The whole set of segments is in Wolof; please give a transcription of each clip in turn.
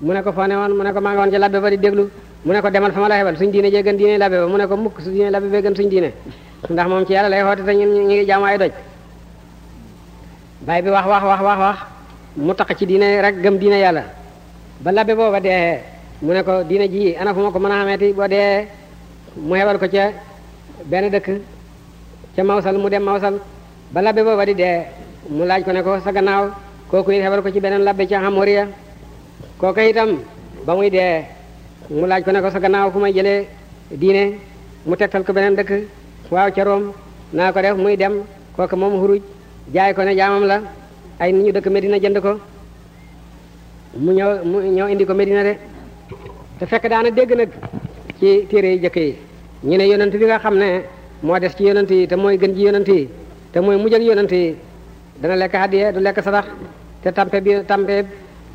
mu ne ko foo ne woon mu ne maa ngi woon ci labbe ba di déglu mu ne ko demal fa ma la xebal suñ diine jee gën diine labbe ba mu ne ko mukk su diine labbe bee gën suñ diine ndax moom ci yàlla lay xoote te ñun ñu ngi jaamu ay doj baay bi wax wax wax wax wax mu taq ci diine rek gëm diine yàlla ba labbe booba dee mu ne ko diine ji ana fu ma ko mën a xameeti boo dee mu xebal ko ca benn dëkk ca mawsal mu dem mawsal ba labbe booba di dee mu laaj ko ne ko sa gannaaw kooku it xebal ko ci beneen labbe ca xamoriya kooka itam ba muy dee mu laaj ko ne ko sa gannaaw fu may jëlee diine mu tegtal ko beneen dëkk waaw ca naa ko def muy dem kooka moom xuruj jaay ko ne jaamam la ay nit ñu dëkk Medina jënd ko mu ñëw mu ñëw indi ko Medina de te fekk daana dégg nag ci téere yi jëkk yi ñu ne yonent bi nga xam ne moo des ci yonent yi te mooy gën ji yonent yi te mooy mujj ak yonent yi dana lekk hadiye du lekk sarax te tampe bi tampe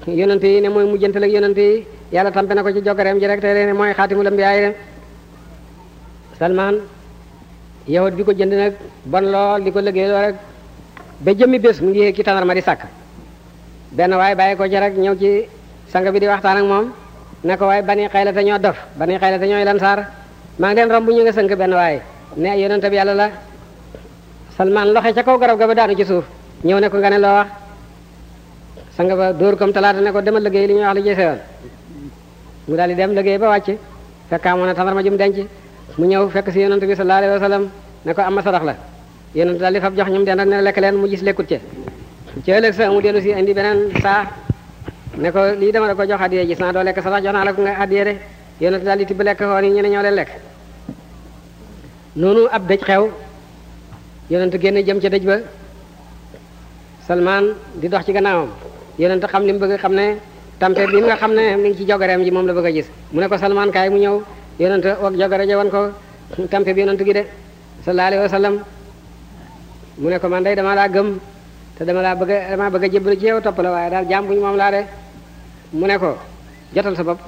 yonente yi ne mooy mujjantal ak yonente yi yàlla tampe na ko ci jokkareem ji rek te ne mooy xaatimul ambiyaay de salman yahut bi ko jënd nag bon lool di ko liggéeyloo rek ba jëmmi bés mu ngi yéeg ci tandarma di sàkk benn waaye bàyyi ko ci rek ñëw ci sang bi di waxtaan ak moom ne ko waaye bani xayla te ñoo dof bani xayla te ñooy lan saar maa ngi leen romb ñëw nga sënk benn waaye ne yonente bi yàlla la salman loxe ca kaw garab ga ba daanu ci suuf ñëw sanga ba dóor comme talaata ne ko demal liggéey li ñuy wax li ci seyoon mu daal di dem liggéey ba wàcc fekk amoon na tamar ma jum denc mu ñëw fekk si yonent bi sallallahu alayhi wa sallam ne ko am ma sarax la yonent daal di fab jox ñum den ak ne lekk leen mu gis lekkut ca ci sa mu dellu si indi beneen saa ne ko lii dama la ko jox addiye gis naa doo lekk sarax jox naa la ko nga addiye de yonent daal di tibb lekk xoon yi ñu ne noonu ab dëj xew yonent génn jëm ca dëj ba Salmaan di dox ci gannaawam yonent xam li mu bëgg xam ne tampe bi nga xam ne mi ngi ci jogareem moom la bëgg a gis mu ne ko Salmaan kaay mu ñëw yonent wak jogare ja wan ko tampe bi yonent gi de sallallahu alayhi wa sallam mu ne ko man day dama laa gëm te dama laa bëgg a dama bëgg a jébbalu ci waaye daal jaam bu ñu moom laa de mu ne ko jotal sa bopp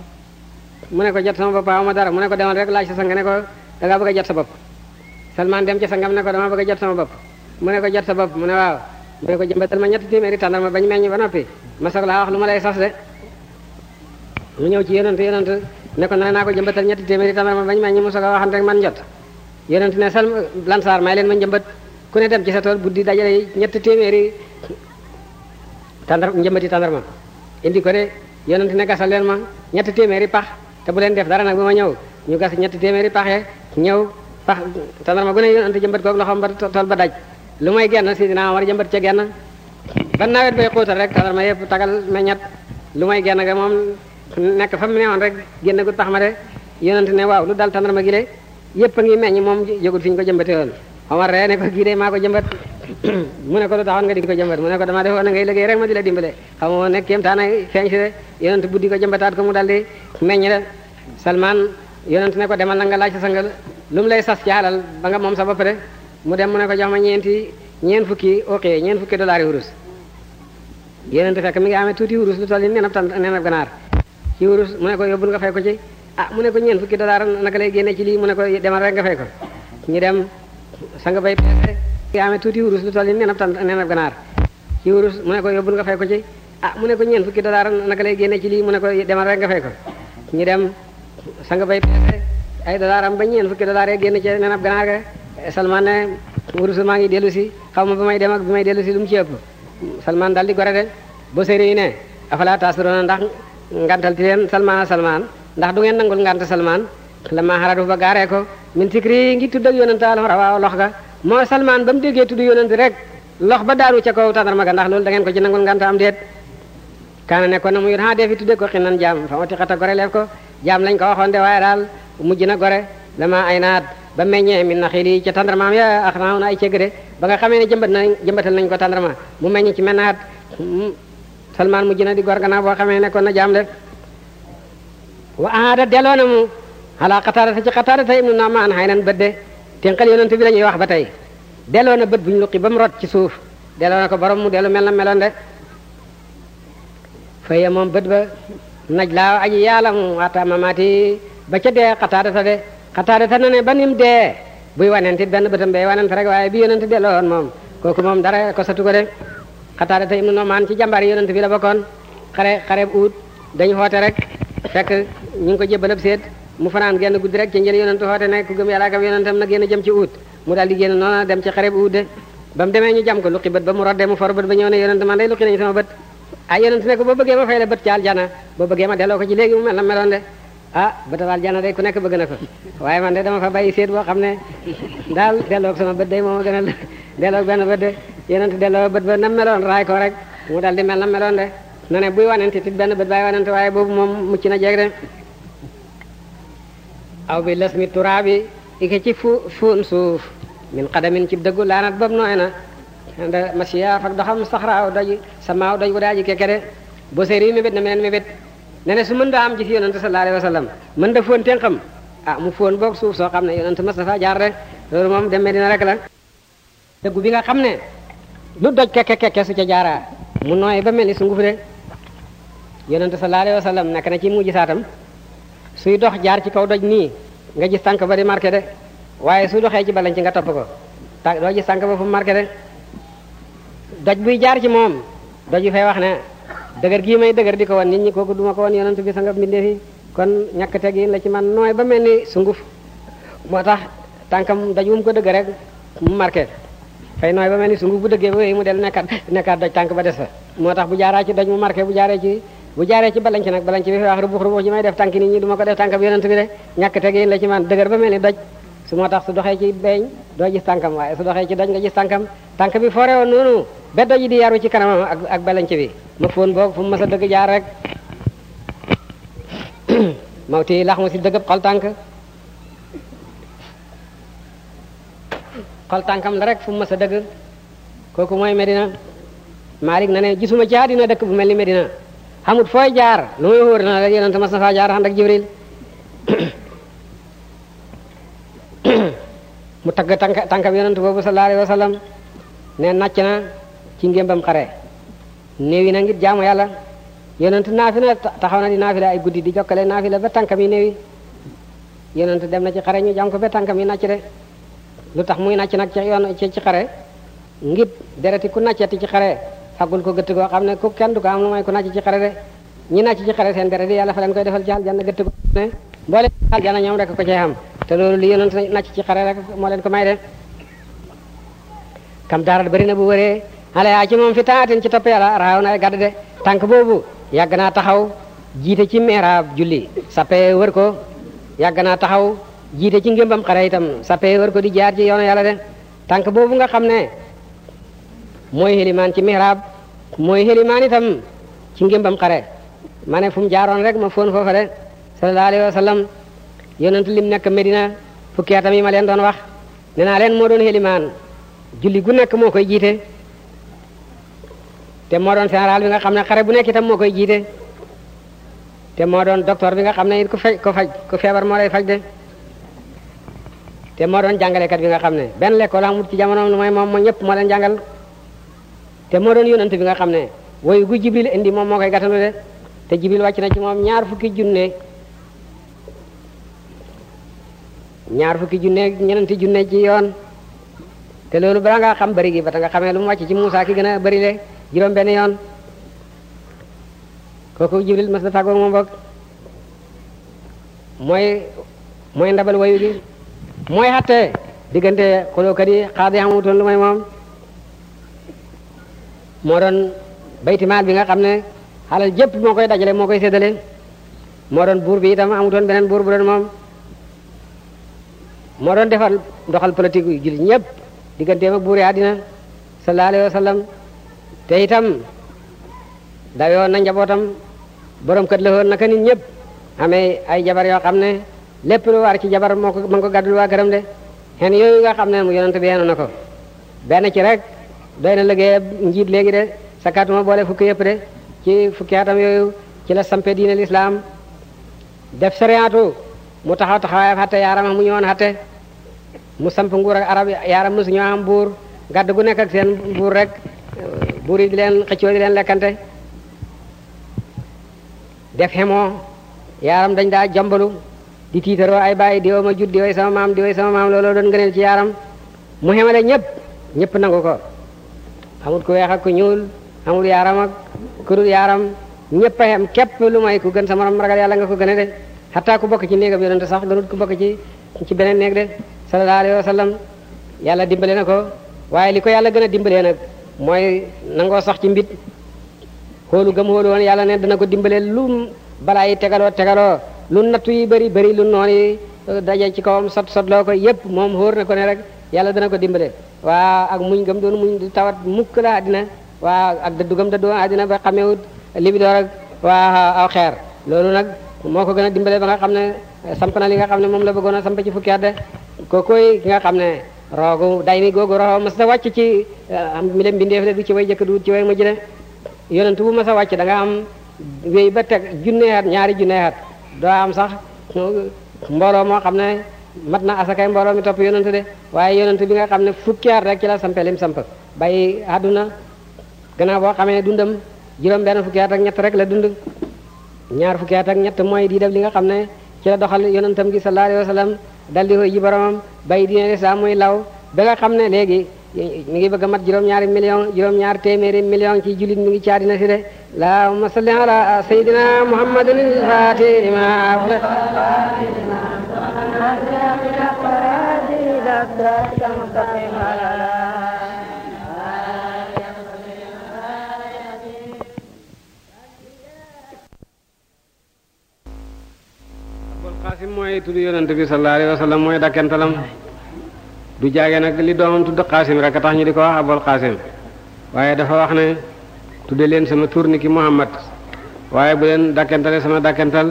mu ne ko jot sama bopp ma dara mu ne ko demal rek laaj sa sang ne ko da ngaa bëgg a jot sa bopp Salmaan dem ci sangam ne ko dama bëgg a jot sama bopp mu ne ko jot sa bopp mu waaw mu ne jëmbatal ma ñetti téeméeri tàndarma bañ meññ ba noppi ma soog laa wax lu ma lay sas de mu ñëw ci yonent yonent ne ko ne naa ko jëmbatal ñetti téeméeri tàndarma bañ meññ mu soog a waxante ak man jot yonent ne sal lansaar may leen ma njëmbat ku ne dem ci sa tool buddi dajale ñetti téeméeri tàndar njëmbati tàndarma indi ko de yonent ne gasal leen ma ñetti téeméeri pax te bu leen def dara nag ba ma ñëw ñu gas ñetti téeméeri pax ye ñëw pax tàndarma gu ne yonent jëmbat koog loxoom ba tool ba daj lu may genn si dinaa war jëmbat ca genn ba nawet bay xóotal rek tadarma yëpp tagal meññat lu may genn ga moom nekk fa mu newoon rek génn gu tax ma de yonent ne waaw lu dal tandarma ma de yëpp a ngi meññ moom jógul fi ñu ko jëmbatee woon Omar ree ne ko kii de maa ko jëmbat mu ne ko lu taxoon nga di ko jambat mu ne ko dama defoon na ngay liggéey rek ma di la dimbale xam nga nekk kéem taana feeñ si de yonent buddi ko jëmbataat ko mu dal di meññ de ne ko demal na nga laaj sa sangal lu lay sas ci alal ba nga sa ba pare mu dem mu ne ko jox ma ñeenti ñeent fukki ok ñeent fukki dollars yi wurus yéneen di fekk mi ngi amee tuuti wurus lu toll ni nenab tan nenab ganaar ci wurus mu ne ko yóbbul nga fay ko ci ah mu ne ci lii mu ne ko demal rek nga ko ñu dem sa nga bay peese ngi amee tuuti wurus lu toll ni nenab tan nenab ganaar ci wurus mu ne ko yóbbul nga fay ko ci ah mu ne ko ñeent fukki dollars nag lay génne ci lii mu ne ko demal rek nga fay ko ñu dem sa nga ah, bay peese ay dollars am ba ñeent fukki dollars yi génn ci nenab ganaar ga Salman ne wurus maa ngi dellu si xaw ma bi may dem ak bi may dellu si lu mu ci ëpp Salman daal di gore de Busayri yi ne afala taasirona ndax ngantal ti leen Salman Salman ndax du ngeen nangul ngant Salman lama xaratu ba gaaree ko min sikri ngi tudd ak yonent alxora waaw lox ga moo Salman ba mu déggee tudd yonent rek lox ba daaru ca kaw tàndarma ga ndax loolu da ngeen ko ci nangul ngant am déet kaana ne ko na mu yut xa deefi tudde ko xinan jaam fa mati xata gore leef ko ko waxoon de waaye daal mujj na gore lama ay ba meññee min naxil yi ca tandarmaam ya ax naaw ay cegg de ba nga xamee ne jëmbat na jëmbatal nañ ko tandarma mu meññ ci mennaat salmaan mu na di gor gannaaw boo xamee nekkoon na jaam de wa aada delloo na mu ala xataarata ci xataarata ibnu naamaan xay nan bët de tenqal yonent bi la ñuy wax ba tey delloo na bët bu ñu luqi ba mu rot ci suuf delloo na ko borom mu dellu mel na meloon de faye moom bët ba naj laa aji yàlla mu waata mamaati ba ca dee xataarata de xataada ta na ne ba nim dee buy wanenti benn bëtam bee wanent rek waaye bi yonent delloo moom kooku moom dara ko satu ko de xataada ta ibnu Nu'maan ci jàmbaar yonent bi la bokkoon xare xareb uut dañ xoote rek fekk ñu ngi ko jébbalab seet mu fanaan genn guddi rek ci njël yonentu xoote ne ku gëm yàlla ak yonentam na génn jëm ci uut mu daal di génn noona dem ci xareb uut de ba demee ñu jam ko luqi bët ba mu rodde mu for bët ba ñëw Ah, a ah bëtam aljana day ku nekk bëgg na ko waaye man de dama fa bàyyi seet boo xam ne daal delloog sama bët day mooma gën a delloog benn bët de yenent delloo bët ba nam meloon raay ko rek mu dal di mel nam meloon de na ne buy wanante tit benn bët bàyyi wanante waaye boobu moom mucc na jeeg de aw bi les mi turaa ike ci fu fuun suuf min xadamin ci dëggu laanat boobu nooy na da masiya fak doxam saxraaw doj samaaw doj bu daa ji keke de bo ne ne su mën daa am ji fi yonante sallallahu alayhi wa sallam mën da foon tenqam ah mu foon boog suuf soo xam ne yonante mas na faa jaar rek loolu moom demee dina rek la dëggu bi nga xam ne lu doj kekke kekke su ca jaaraa mu nooy ba mel ni sunguf de yonante sallallahu alayhi wa sallam nekk na ci mu gisaatam suy dox jaar ci kaw doj nii nga ji sanq ba di marqué de waaye su doxee ci balañ ci nga topp ko tànk doo gis tànk ba fu marqué de doj buy jaar ci moom doj bi fay wax ne dëgër gii may dëgër di ko wan nit ñi kooku duma ko wan yonent bi sangaf mbindee fi kon ñàkk teggin la ci man nooy ba mel ni sunguf moo tax tànkam daj wum ko dëgg rek mu marqué fay nooy ba mel ni sunguf bu dëggee ba wéy mu del nekkaat nekkaat doj tànk ba des fa moo tax bu jaaraa ci doj mu marqué bu jaaree ci bu jaaree ci balanc nag balanc bi fi wax rubux rubux ji may def tànk nit ñi duma ko def tànk bi yonent bi de ñàkk teggin la ci man dëgër ba mel ni doj su moo tax su doxee ci beeñ doo gis tànkam waaye su doxee ci doj nga gis tànkam tànk bi foore woon noonu ba doj di yaru ci kanamam ak ak balanc bi ma foon boobu fu mu mës a dëgg jaar rek mawti lax mu si tànk xol tànkam la rek mës a dëgg kooku mooy Medina Malik na ne gisuma ci àddina dëkk bu mel ni Medina xamut fooy jaar lu muy wóor na la yonente mas na faa jaar ànd ak Jibril mu tagg tànk tànkab yonent boobu sallallahu alayhi wa sallam na ci ngémbam xare néew na ngir jaamu yàlla yonent naafi na taxaw na di naafila ay guddi di jokkale naafila ba tànkam yi néew yi yonent dem na ci xare ñu jam ko ba tànkam yi nàcc de lu tax muy nàcc na ci yoon ci xare ngir dereti ku nàccati ci xare fagul ko gëtt goo xam ne ku kenn ko am lu may ku nàcc ci xare de ñi nàcc ci xare seen deret yi yàlla fa leen koy defal ci aljanna gëtt goo xam ne mboole ko cee am te loolu li yonent nàcc ci xare rek moo leen ko may de kam daaral bari na bu wëree xale yaa ci moom fi taatin ci topp yàlla raaw na gàdd de tànk boobu yàgg naa taxaw jiite ci meeraab julli sappe wër ko yàgg naa taxaw jiite ci ngémbam xare itam sappe wër ko di jaar ci yoonu yàlla de tànk boobu nga xam ne mooy xelimaan ci meeraab mooy xelimaan itam ci ngémbam xare ma ne fu mu jaaroon rek ma foon foofa de sallallahu alayhi wa yonent lim nekk Medina fukki atam yi ma leen doon wax nee leen moo doon xelimaan julli gu nekk moo koy jiite te moo doon général bi nga xam ne xare bu nekk itam moo koy jiite te moo doon docteur bi nga xam ne it ku faj ko faj ku feebar moo lay faj de te moo doon jàngalekat bi nga xam ne benn lekkool amul ci jamono lu may moom moo ñëpp moo leen jàngal te moo doon yonent bi nga xam ne woyu gu Jibril indi moom moo koy gàttalu de te Jibril wàcc na ci moom ñaar fukki junne ñaar fukki junneeg ñeneenti junne ci yoon te loolu balaa ngaa xam gi ba ta nga xamee lu mu wàcc ci Muusaa ki gën a bëri le juróom benn yoon kooku Jibril mas na tàggoo moom bokk mooy mooy ndabal wayu gi mooy xatte diggante xulookat yi xaadi amutoon lu may moom moo doon baytimaal bi nga xam ne xalal jëpp moo koy dajale moo koy séddale moo doon buur bi itam amutoon beneen buur bu doon moo doon defal ndoxal politique yu jullit ñëpp digganteem ak buuri àddina sallallahu alayhi wa sallam te itam dayoon na njabootam borom kër la woon naka nit ñëpp amee ay jabar yoo xam ne lépp lu war ci jabar moo ko ko gàddul waa këram de xen yooyu nga xam ne mu yonent bi yenu na ko benn ci rek doy na liggéey njiit léegi de sakkaatuma boole fukki yëpp de ci fukki atam yooyu ci la sampe diine lislaam def sariyaatu mu taxaw taxawaayam xatte yaaram mu ñëwoon xatte mu samp nguur ak arab yaaram mosu ñoo am buur gàdd gu nekk ak seen buur rek buur yi di leen xëccoo di leen lekkante def xemoo yaaram dañ daa jambalu di tiitaroo ay bàyyi di woo ma jud di woy sama maam di woy sama maam looloo doon ngëneel ci yaaram mu xemale ñëpp ñëpp nangu ko amul ku weex ak ku ñuul amul yaaram ak ku dul yaaram ñëpp a xem képp lu may ku gën sama morom ragal yàlla nga ko gën a de xataa ku bokk ci néegam yonente sax gënut ku bokk ci ci beneen néeg de sallallahu alayhi wa yàlla dimbale na ko waaye li ko yàlla gën a dimbalee nag mooy nangoo sax ci mbit xoolu gëm xoolu woon yàlla nen dana ko dimbale lu balaa yi tegaloo tegaloo lu nattu yi bari bari lu noon yi uh, ci kawam sot sotloo ko yépp moom xóor na ko ne rek yàlla dana ko dimbale waa ak muñ gëm doon muñ tawat mukk la àddina waa ak dëddu gëm dëddu àddina ba xamewut li bi door ak waa aw xeer loolu nag moo ko gën a dimbale ba nga xam ne na li nga xam ne moom la bëggoon a samp ci fukki at kookoy ki nga xam ne roogu day mi googu roxo mas a wàcc ci eh, am mi leen bindeef de du ci way jëkk du ci way mujj de yonent bu mas a wàcc da am wéy ba teg junneexat ñaari junneexat doo am sax mbooloo moo xam ne mat na asakay mbooloo mi topp yonent de waaye yonent bi nga xam ne fukki at rek ci la sampe lim samp bàyyi àdduna gannaaw boo xamee dundam juróom benn fukki at ak ñett rek la dund ñaar ñett mooy di def li nga xam ne ci la doxal yonentam gi sallallahu alayhi wa sallam dal di koy ji boromam bay diine lislaam muy ba nga xam ne léegi mi ngi bëgg a mat juróom-ñaari million juróom-ñaar téeméeri million ci jullit mi ngi ci àddina si de allahumma salli ala sayyidina muhammadin al-fatihi lima ughliq xaasim mooy tudd yonent bi sallallahu alayhi wa sallam mooy dakkantalam du jaage nag li doomam tudd xaasim rek tax ñu di ko wax abol xaasim waaye dafa wax ne tudde leen sama tur ni ki muhammad waaye bu leen dakkantale sama dakkantal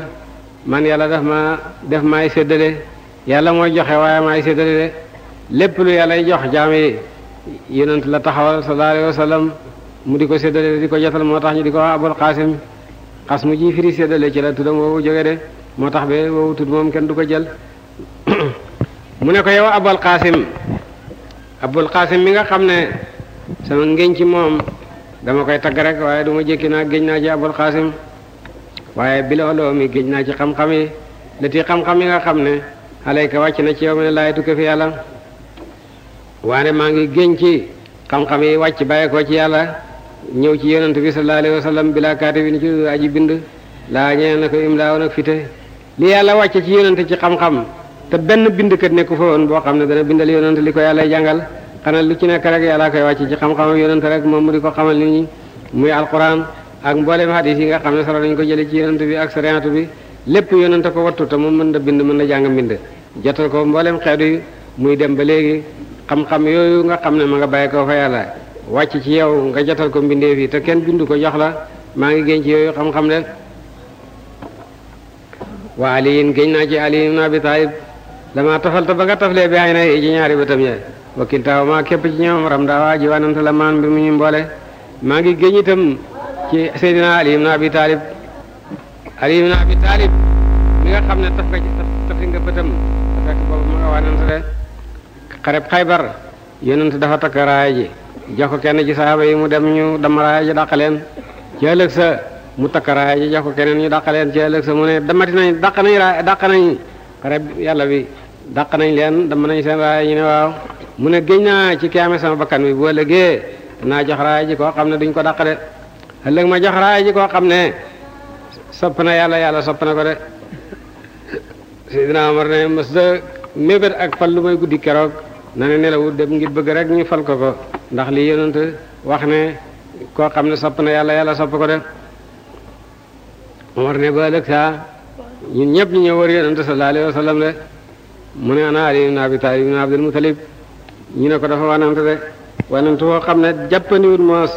man yàlla def ma def maay séddale yàlla mooy joxe waaye maay séddale de lépp lu yàllay jox jaam yi yonent la taxawal sallallahu alayhi wa sallam mu di ko séddale di ko jotal moo tax ñu di ko wax abol xaasim xas mu ji firi séddale ci moo tax be woowu tudd moom kenn du ko jël mu ne ko yow abul qaasim abul qaasim mi nga xam ne sama ngéñ ci moom dama koy tagg rek waaye du ma jékki naa géñ naa ci abul qaasim waaye bi looloo mi géñ naa ci xam-xam yi lati xam-xam yi nga xam ne alayka wàcc na ci yow mi ne laay tukke fi yàlla waane maa ngi géñ ci xam-xam yi wàcc bàyyeekoo ci yàlla ñëw ci yonent bi sallallahu alayhi wa sallam bilaa kaati bi ni ci aji bind laa ñeen na ko im laaw li yàlla wàcce ci yonente ci xam-xam te benn bindkat nekku fa woon boo xam ne dana bindal yonente li ko yàlla jàngal xanaa lu ci nekk rek yàlla koy wàcce ci xam-xam ak yonente rek moom mu di ko xamal nit ñi muy alquran ak mboolem hadis yi nga xam ne solo nañu ko jële ci yonente bi ak sariatu bi lépp yonente ko wattu te moom mën na bind mën na jàng mbind jotal ko mboolem xeetu yi muy dem ba léegi xam-xam yooyu nga xam ne ma nga bàyyi ko fa yàlla wàcc ci yow nga jotal ko mbindeef yi te kenn bindu ko jox la maa ngi génn ci xam ne wa aliyin géñ naa ci aliyin ibn abi lama tafalta ba nga taflee bi ay na yi ci ñaari bëtam ya wakkiltaaw ma képp ci ñoom ram daawa ji wananta maan mbir mu ñu mboole maa ngi géñ ci seydina ali ibn abi talib ali ibn mi nga xam ne taf nga ci tafi nga bëtam te fekk boobu ma nga wananta de xareb xaybar yonent dafa takk ji jox ko kenn ci sahaaba yi mu dem ñu dama ji dàq leen ci ëllëg sa mu takkaraay ñu jox ko keneen ñu dàqaleen ci ëllëg sa mu ne damati nañ dàq xare yàlla bi dàq nañ leen dama nañ seen raay ñu ne waaw mu ne géñ naa ci kaame sama bakkan bi bu ëllëgee naa jox raay ji koo xam ne duñ ko dàq ma jox raay ji koo xam ne sopp na yàlla yàlla sopp na ko de Seydina Omar ak fal lu may guddi keroog na ne nelawul dem ngir bëgg rek ñu fal ko ko ndax li yonent wax ne koo xam ne sopp na yàlla yàlla sopp ko de Omar ne ba ëllëg saa ñun ñëpp ñu ñëw wër yonente sallallahu alayhi wa sallam de mu ne ana Ali ibn Abi Talib ibn Abdul Muttalib ñu ne ko dafa wanante de wanante koo xam ne jàppandiwut moos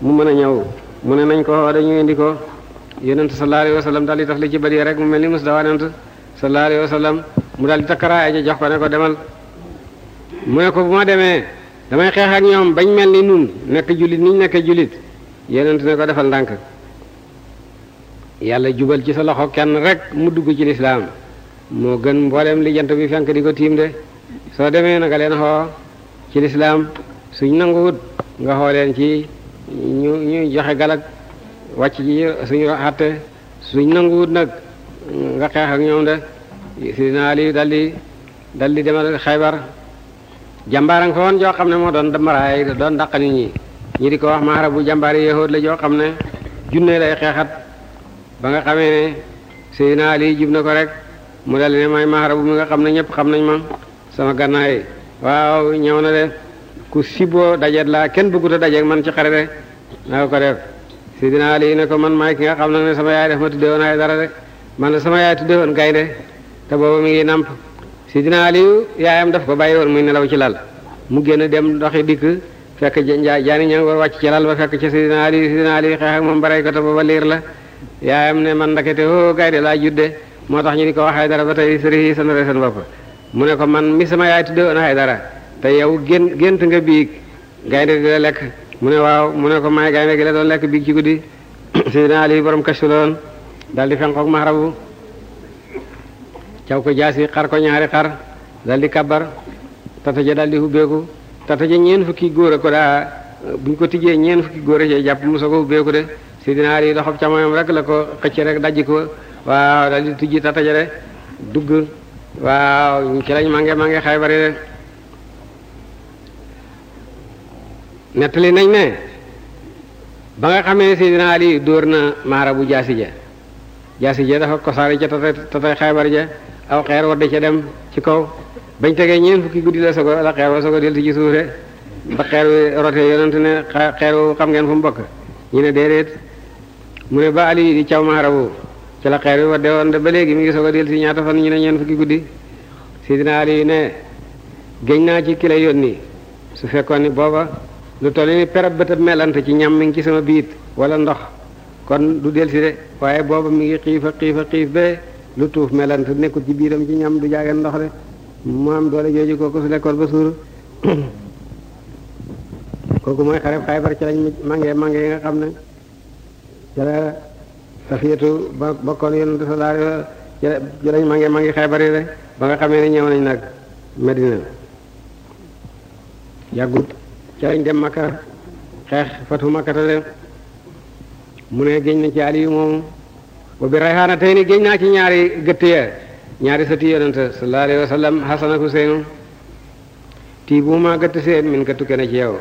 mu mën a ñëw mu ne nañ ko woo dañu indi ko yonente sallallahu alayhi wa sallam daal di taf li ci bëri rek mu mel ni mos da wanante sallallahu alayhi wa sallam mu daal di takkaraay ji jox ko ne ne ko bu ma demee damay xeex ak bañ mel ni nun nekk jullit niñ nekk jullit yonente ne ko defal ndànk yàlla jubal ci sa loxo kenn rek mu dugg ci lislaam moo gën mboolem li bi fenk di ko tiim de soo demee na nga leen xoo ci lislaam suñ nanguwut nga xoo leen ci ñu ñu joxe galak wàcc ci suñu xatte suñ nanguwut nag nga xeex ak ñoom de Sidina Ali daldi daldi demal Xaybar jàmbaarang fa woon joo xam ne moo doon damaraay doon daq nit ñi ñi di ko wax maara bu jàmbaari yahood la joo xam ne junne lay xeexat ba nga xamee ne Seydina Ali jib na ko rek mu dal ne may maharabu mi nga xam ne ñëpp xam nañ ma sama gannaay waaw ñëw na de ku siboo dajet laa kenn bëggut a dajeeg man ci xare de naa ko def Seydina Ali ne ko man maay ki nga xam ne sama yaay def ma tudde woon ay dara de man sama yaay tudde woon gaynde te booba mi ngi namp Seydina Ali yaayam daf ko bàyyi woon muy nelaw ci lal mu génn dem doxi dikk fekk jaani ña ngi war wàcc ci lal ba fekk ca Seydina Ali Seydina Ali xeex ak moom barey ko te liir la yaayam ne man ndakete hoo gaynde laa judde moo tax ñu di ko wax Haydara ba tey sëriñ seen rey seen bopp mu ne ko man mi sama yaay tudde woon Haydara te yow génn gént nga biig gaynde di la lekk mu ne waaw mu ne ko maay gaynde gi la doon lekk biig ci guddi Seydina Ali borom kastu loon dal di fenkook mahrabu caw ko jaasi xar ko ñaari xar dal di kabar tata ja dal di hubbeeku tata ja ñeen fukki góor a ko daa ñu ko tijjee ñeen fukki góor a cee jàpp mu soog a hubbeeku Sidina Ali loxob càmmoñam rek la ko xëcc rek dajji ko waaw daal di tijji tatajale dugg waaw ci lañ mange mange xaybari de nettali nañ ne ba nga xamee Sidina Ali dóor na maara bu jaasi ja jaasi ja dafa kosaari ca tata tata xaybar ja aw xeer wadde ca dem ci kaw bañ tegee ñeen fukki guddi la sogo la xeer wa sogo del ci suuf de ba xeer wi rote yonent ne xeer wu xam ngeen fu mu bokk ñu ne déedéet mu ne ba ali di caw maarabu ci la xeer de wadde woon de ba léegi mi ngi soo a del si ñaata fan ñu ne ñeen fukki guddi sidina ali ne géñ naa ci ki yoon nii su fekkoon ni booba lu toll ni perab bëtab melante ci ñam mi ngi ci sama biit wala ndox kon du del si de waaye booba mi ngi xiif a xiif be lu tuuf melant nekkul ci biiram ci ñam du jaageen ndox de mu am doole jooju kooku su lekkool ba suur kooku mooy xareb xaybar ci lañ mangee mangee ca la safiyatu ba bokkoon yonente sallallahu alayhi wa sallam ci lañ ma ngi ma ngi xeebar yi de ba nga xamee ne ñëw nañ nag Medina yàggut ca dem Makka xeex fatu Makkata de mu ne géñ na ci Aliyu moomu wa bi rayhaana tey ni géñ naa ci ñaari gëtt ya ñaari sëti yonente sallallahu alayhi wa sallam Hasan ak Huseynu tii ma gëtt seen min ka tukke ci yow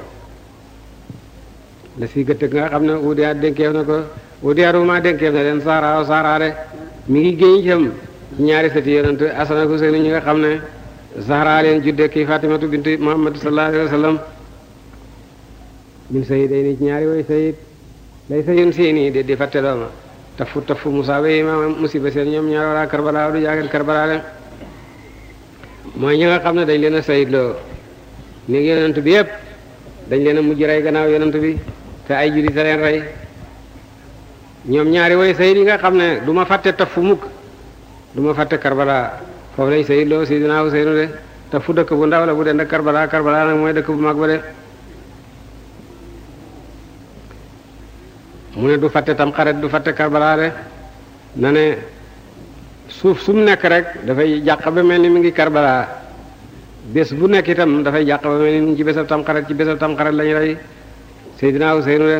la si gëttëg nga xam ne udiya dénkeef na ko udiya ruuma dénkeef na leen saara saara de mi ngi génn itam ñaari sëti yonent Asan ak Useyni ñi nga xam ne Zahra leen judde kii Fatimatu bintu Muhammad sallallahu alayhi wa sallam min sayidayni ci ñaari way sayid lay sayun seeni de di fatte dooma tafu tafu Musaa ñoom ñaar wala Karbala du jaagen Karbala de xam ne dañ leen a sayidloo ni yonent bi yëpp dañ leen a mujj rey gannaaw yonent bi te ay jullit a leen rey ñoom ñaari woy sayid yi nga xam ne du ma fàtte tafu mukk du ma fàtte karbala foofu lañ sayid loo sayidina Useynu de tafu dëkk bu ndaw la bu dend karbala karbalaa nag mooy dëkk bu mag ba de mu ne du fàtte tam du fàtte karbala de na ne suuf su mu nekk rek dafay jàq ba mel ni mu ngi karbala bés bu nekk itam dafay jàq ba mel ni mi ngi ci bésab tam xarit ci bésab tam xarit lañu rey Seydina Useynu de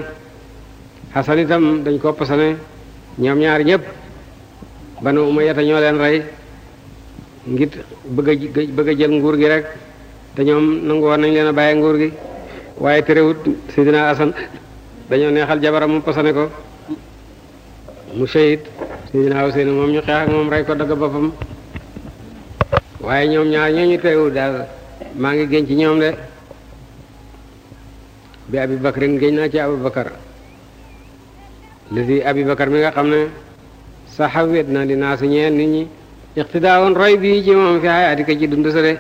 Xasan itam dañ koo posone ñoom ñaar ñëpp banu Umayyata ñoo leen rey ngir bëgg jël nguur gi rek te ñoom nangu woon nañ leen a bàyyi nguur gi waaye terewut Seydina Asan dañoo neexal jabaram mu posone ko mu seyit Seydina Useynu moom ñu xeex moom rey ko dagg boppam waaye ñoom ñaar ñoo ñu terewut daal maa ngi gën ci ñoom de bi abi bakrin géñ naa ci abubakar lisi abubakar bi nga xam ne saxa wet na li naa su ñeel nit ñi iqtidaa woon roy bii ci moom fi hayaati ka ci dund sa de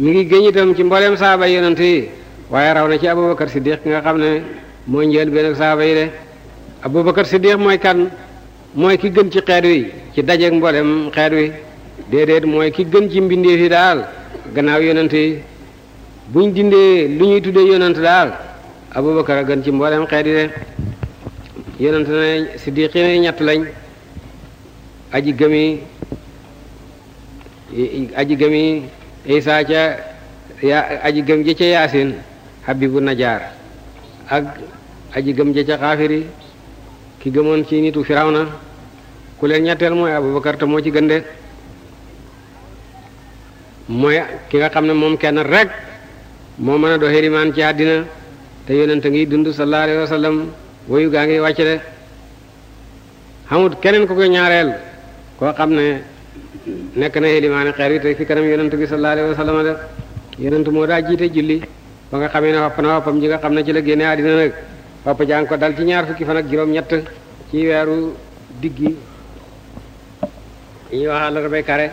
mi ngi géñ itam ci mbooleem saaba yonent yi waaye raw na ci abubakar siddiq ki nga xam ne mooy njël benn saaba yi de abubakar siddiq mooy kan mooy ki gën ci xeet wi ci dajeeg mboolem xeet wi déedéet mooy ki gën ci mbindeef yi daal gannaaw yonent yi buñ dindee lu ñuy tuddee yonent daal abubakar a gën ci mboolem xeet yi de yonent ne siddiqiin yi ñett lañ aji gëmi aji gëmi isaa ca ya aji gëm ji ca yaasin habibu najaar ak aji gëm ji ca xaafiri ki gëmoon ci nitu firawna ku leen ñetteel mooy abubakar te moo ci gën de mooy ki nga xam ne moom kenn rek moo mën a doxe rimaan ci àddina te yonent ngi dund sallallahu alayhi wa sallam woyu gaa ngi wàcc de xamut keneen ku ko ñaareel koo xam ne nekk na élimaani xeer yi te fi kanam yonent bi sallallahu alayhi wa sallam de yonent moo daa jiite julli ba nga xamee ne xopp na xoppam ji nga xam ne ci la génne àddina nag xopp jaa ko dal ci ñaar fukki fan ak juróom-ñett ci weeru diggi ñuy wax la bay kare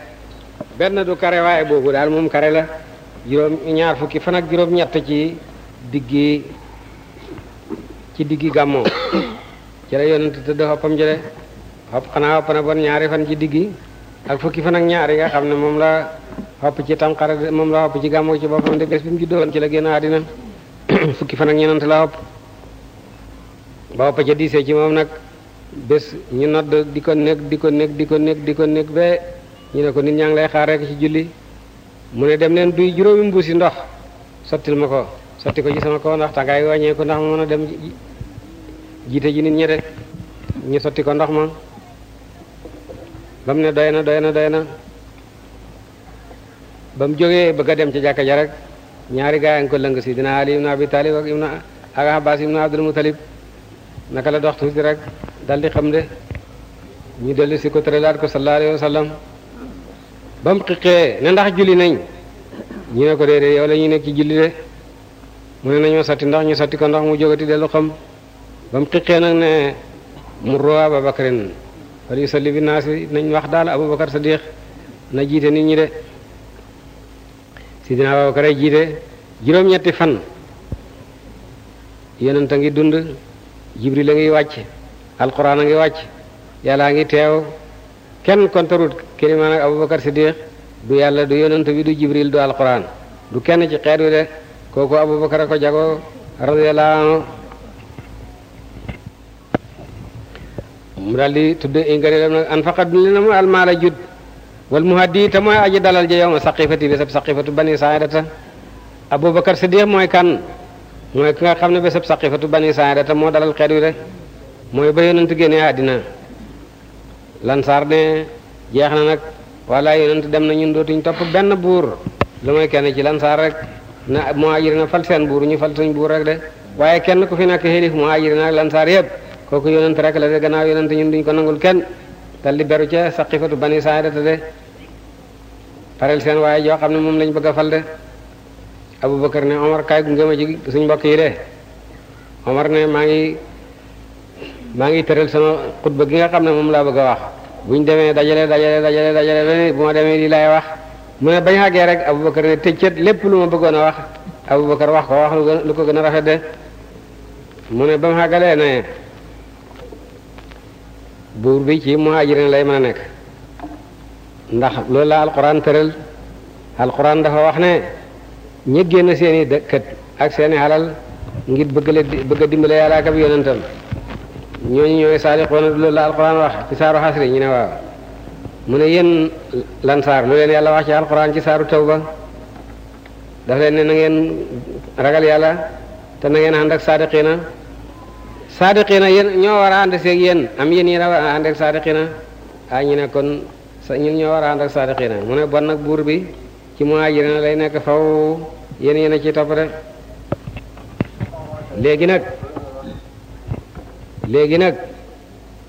benn du kare waaye boobu daal moom kare la juróom ñaar fukki fan ak juróom-ñett ci diggi ci diggi gàmmoo ci la yonent tëdd xoppam jële xopp xanaa xopp bon ñaari fan ci diggi ak fukki fan ak ñaari nga xam ne moom la xopp ci tamxarit moom la xopp ci gàmmoo ci boppam de bés mu ci la génn àddina fukki fan ak ñeent la xopp ba xopp ca diisee ci moom nag bés ñu nodd di ko nekk di ko nekk di ko nekk di ko nekk ba ñu ne ko nit ñaa ngi lay xaar rek ci julli mu ne dem leen duy juróomi mbuusi ndox sottil ma ko sotti ko ci sama ko ndax tàngaay bi wàññeeku ndax ma mën a dem jiite ji nit ñi de ñu sotti ko ndox ma ba ne doy na doy na doy na ba mu jógee bëgg a dem ci jàkka ja rek ñaari gaa ngi ko lëng si dina Ali ibn Abi Talib ak ibn ak Abbas ibn Abdul Muttalib naka la dox tuuti rek dal di xam de ñu dellu si ko tëralaat ko sallallahu alayhi wa sallam ba mu xiqee ne ndax julli nañ ñu ne ko déedéet yow la ñu nekk julli de mu ne nañoo satti ndax ñu satti ko ndax mu jógati dellu xam ba mu xiqee nag ne mu roo ababakarin fal yusalli bi naasi nañ wax daal abubakar sadiq na jiite nit ñi de sidina abubakar ay jiite juróom-ñetti fan yonent a ngi dund jibril a ngi wàcc alquran a ngi wàcc yàllaa ngi teew kenn kontarut kilimaan ak abubakar sadiq du yàlla du yonent bi du jibril du alquran du kenn ci xeet wi de kooku abubakar a ko jago mu daal di tudd ingarilam nag an faqat li na mu almaala jud wal muhaddi te mooy aji dalal ja yow ma saqifati bésab bani saadata abubakar siddiq mooy kan mooy ki xam ne bésab saqifatu bani saadata moo dalal xeet wi de mooy ba yonent génnee àddina lansaar ne jeex na nag wala yonent dem na ñun dootuñ topp benn buur lu mooy kenn ci lansaar rek na muhajirina fal seen buur ñu fal suñ buur rek de waaye kenn ku fi nekk xilif muhajirina ak lansaar yëpp kooku yonent rek la de gannaaw yonent ñun duñ ko nangul kenn dal di beru ca saqifatu bani saadata de parel seen waaye joo xam ne moom lañ bëgg a fal de abubakar ne omar kaay gunge ma ci suñ mbokk yi de omar ne maa ngi maa ngi tëral sama xutba gi nga xam ne moom laa bëgg a wax buñ demee dajale dajale dajale dajale ba ne bu ma demee laay wax mu ne bañ xàggee rek Aboubacar ne tëccët lépp lu ma bëggoon a wax Aboubacar wax ko wax lu ko gën a rafet de mu ne ba mu xàggalee ne buur bi ci muhaajiriin lay mën a nekk ndax loolu la alquran tëral alquran dafa wax ne ña génn seeni dëkkat ak seeni xalal ngir bëgg la bëgg a dimbale yàlla ak ab yonentam ñooñu ñooy saalixoona loolu la alquran wax ci saaru xasri ñu ne waaw mu ne lan lansaar lu leen yàlla wax ci alxuraan ci saaru tawba daf leen ne na ngeen ragal yàlla te na ngeen ànd ak saadiqina saadiqina yéen ñoo war a ànd seeg yéen am yéen yéen a a ànd ak saadiqina ah ñu kon sa ñun ñoo war a ànd ak saadiqina mu ne bon nag buur bi ci muhaajirina lay nekk faw yéen yéen a ciy topp de léegi nag léegi nag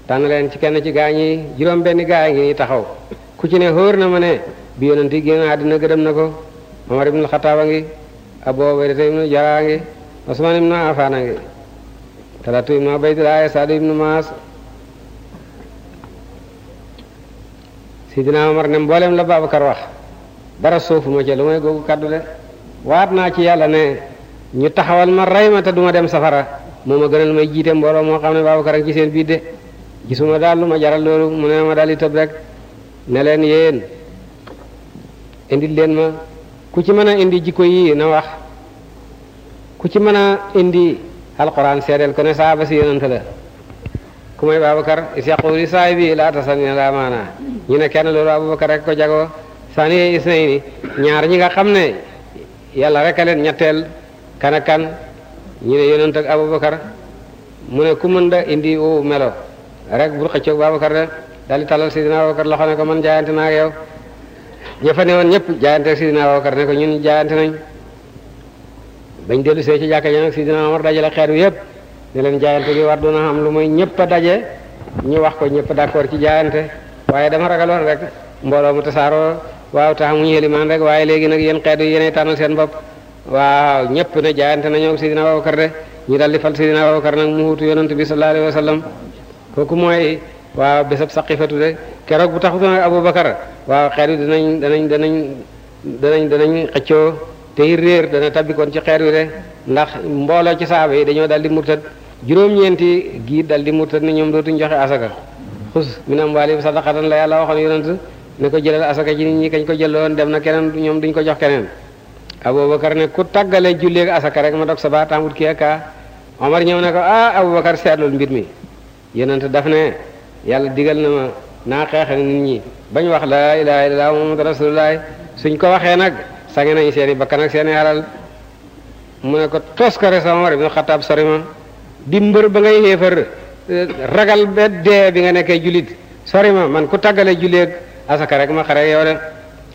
tànn leen ci kenn ci gaa ñi juróom benn gaa ngi nii taxaw ku ci ne na ma ne bi yonent yi génn àddina gërëm na ko Omar ibn Xataaba ngi Abu Ubaydata ibn Jaraa ngi Usmaan ibn Affaan ngi Talatu ibn Ubaydillah Saadu ibn Maas Sidina la Babacar wax dara suufuma ci lu may googu kaddu de waat naa ci yàlla ne ñu taxawal ma rey ma te duma dem safara moo ma gënal may jiite mbooloo moo xam ne Babacar a ngi ci seen biir de gisuma daal lu ma jaral loolu mu ne ma daal di rek ne leen yéen indil leen ma ku ci mën a indi jikko yi na wax ku ci mën a indi alquran seedeel ko ne saaba si yonent la ku may Babacar isyaqu li saahibi laa tasanina laa maana ñu ne kenn loolu Abubakar rek ko jagoo saniye isnayni ñaar ñi nga xam ne yàlla rek a leen ñetteel kan ak ne yonent Abubakar mu ne ku mën da indi wu melo rek bul xëccoog Babacar de daal di tàllal Sidina Babacar loxo ne ko man jaayante naa ak yow ña fa woon ñëpp jaayante Sidina Babacar ne ko ñun jaayante nañ bañ dellu see ci jàkka ja nag Sidina Omar dajale xeer wi yëpp ne leen jaayante gi war doona lu mooy ñëpp daje ñu wax ko ñëpp d'accord ci jaayante waaye dama ragaloon rek mbooloo mu tasaaroo waaw tax mu yélimaan rek waaye léegi nag yéen xeet yi yéenay seen bopp waaw ñëpp ne jaayante nañoo Sidina Babacar de ñu dal di fal Sidina Babacar nag mu wutu yonent bi sallallahu alayhi wa sallam kooku mooy waaw bésab saqifatu de keroog bu taxutoon ak Abubakar waaw xeer wi danañ danañ danañ danañ danañ xëccoo tey réer dana tabbikoon ci xeer wi ndax mbooloo ci saaba yi dañoo dal di murtad juróom-ñeenti gii dal di murtad ne ñoom dootuñ joxe asaka xus min amwaalihim sadaqatan la yàlla waxoon yonent ne ko jëlal asaka ci nit ñi kañ ko jëloon dem na keneen ñoom duñ ko jox keneen Abubakar ne ku tàggale julleeg asaka rek ma dog sa baa tàmbut kii ak kaa Omar ñëw ne ko ah Abubakar seetlul mbir mi yonent daf ne yàlla digal na ma naa xeex ak nit ñi bañ wax laa ilaha moom muhammadu rasulullah suñ ko waxee nag sange nañ seen i bakkan ak alal mu ne ko toos ko resama war ibnu xataab sori ma di mbër ba ngay xéefar eh, ragal ba dee bi nga nekkee julit sori ma man ku tàggale juleeg asaka rek ma xare yow de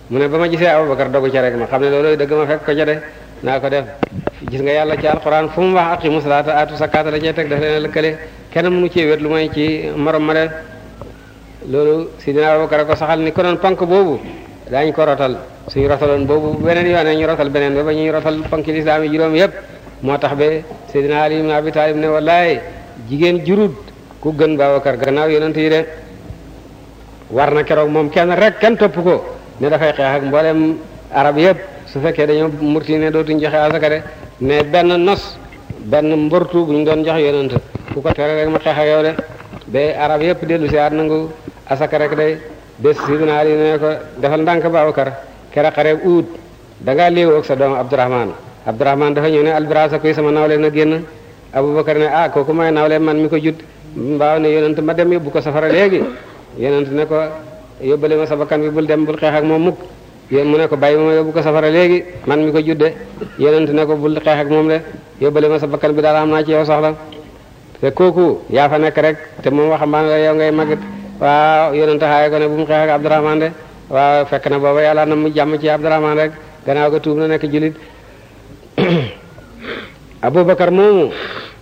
mu ne ba ma gisee abubakar dogu ca rek ma xam ne loolu dëgg ma fekk ko ca naa ko def gis nga yàlla ci alquran fu mu wax aqimu salaata aatu sakaata la cee teg daf leen lëkkale kenn mënu ci wét lu may ci morom ma de loolu sidina Abubakar ko saxal ni konoon pank boobu daañ ko rotal suñu rotaloon boobu beneen yoon ñu rotal beneen ba ba ñuy rotal pank lislaam yi juróom yépp moo tax ba sidina Ali ibn Abi ne wallaay jigéen jurut ku gën Babakar gannaaw yonent yi de war na keroog moom kenn rek kenn topp ko ne dafay xeex ak mboolem arab yépp su fekkee dañoo murti ne dootuñ joxe asaka de mais benn nos benn mbortu bu ñu doon jox yonent ku ko tere rek ma xeex ak yow de ba arab yëpp dellu si aat nangu asaka rek day bés si dinaar yi ne ko defal ndànk Babacar kere xare uut da ngaa léewoo ak sa doomu Abdourahman Abdourahman dafa ñëw ne albirasa kuy sama nawle na génn Aboubacar ne ah kooku may nawle man mi ko judd mbaaw ne yonent ma dem yóbbu ko safara léegi yonent ne ko yóbbale ma sa bakkan bi bul dem bul xeex moom yéen mu ne bay bàyyi ma yóbbu ko safara léegi man mi ko judde yonent ne ko bul xeex ak moom de yóbbale ma sa bakkan bi daal am naa ci yow soxla te kooku yaa fa nekk rek te moom wax la yow ngay màgget waaw yonent xaaye bu mu xeex ak fekk na booba yàlla na mu jàmm ci Abdurahman rek gannaaw ga tuub na nekk julit Abubakar moomu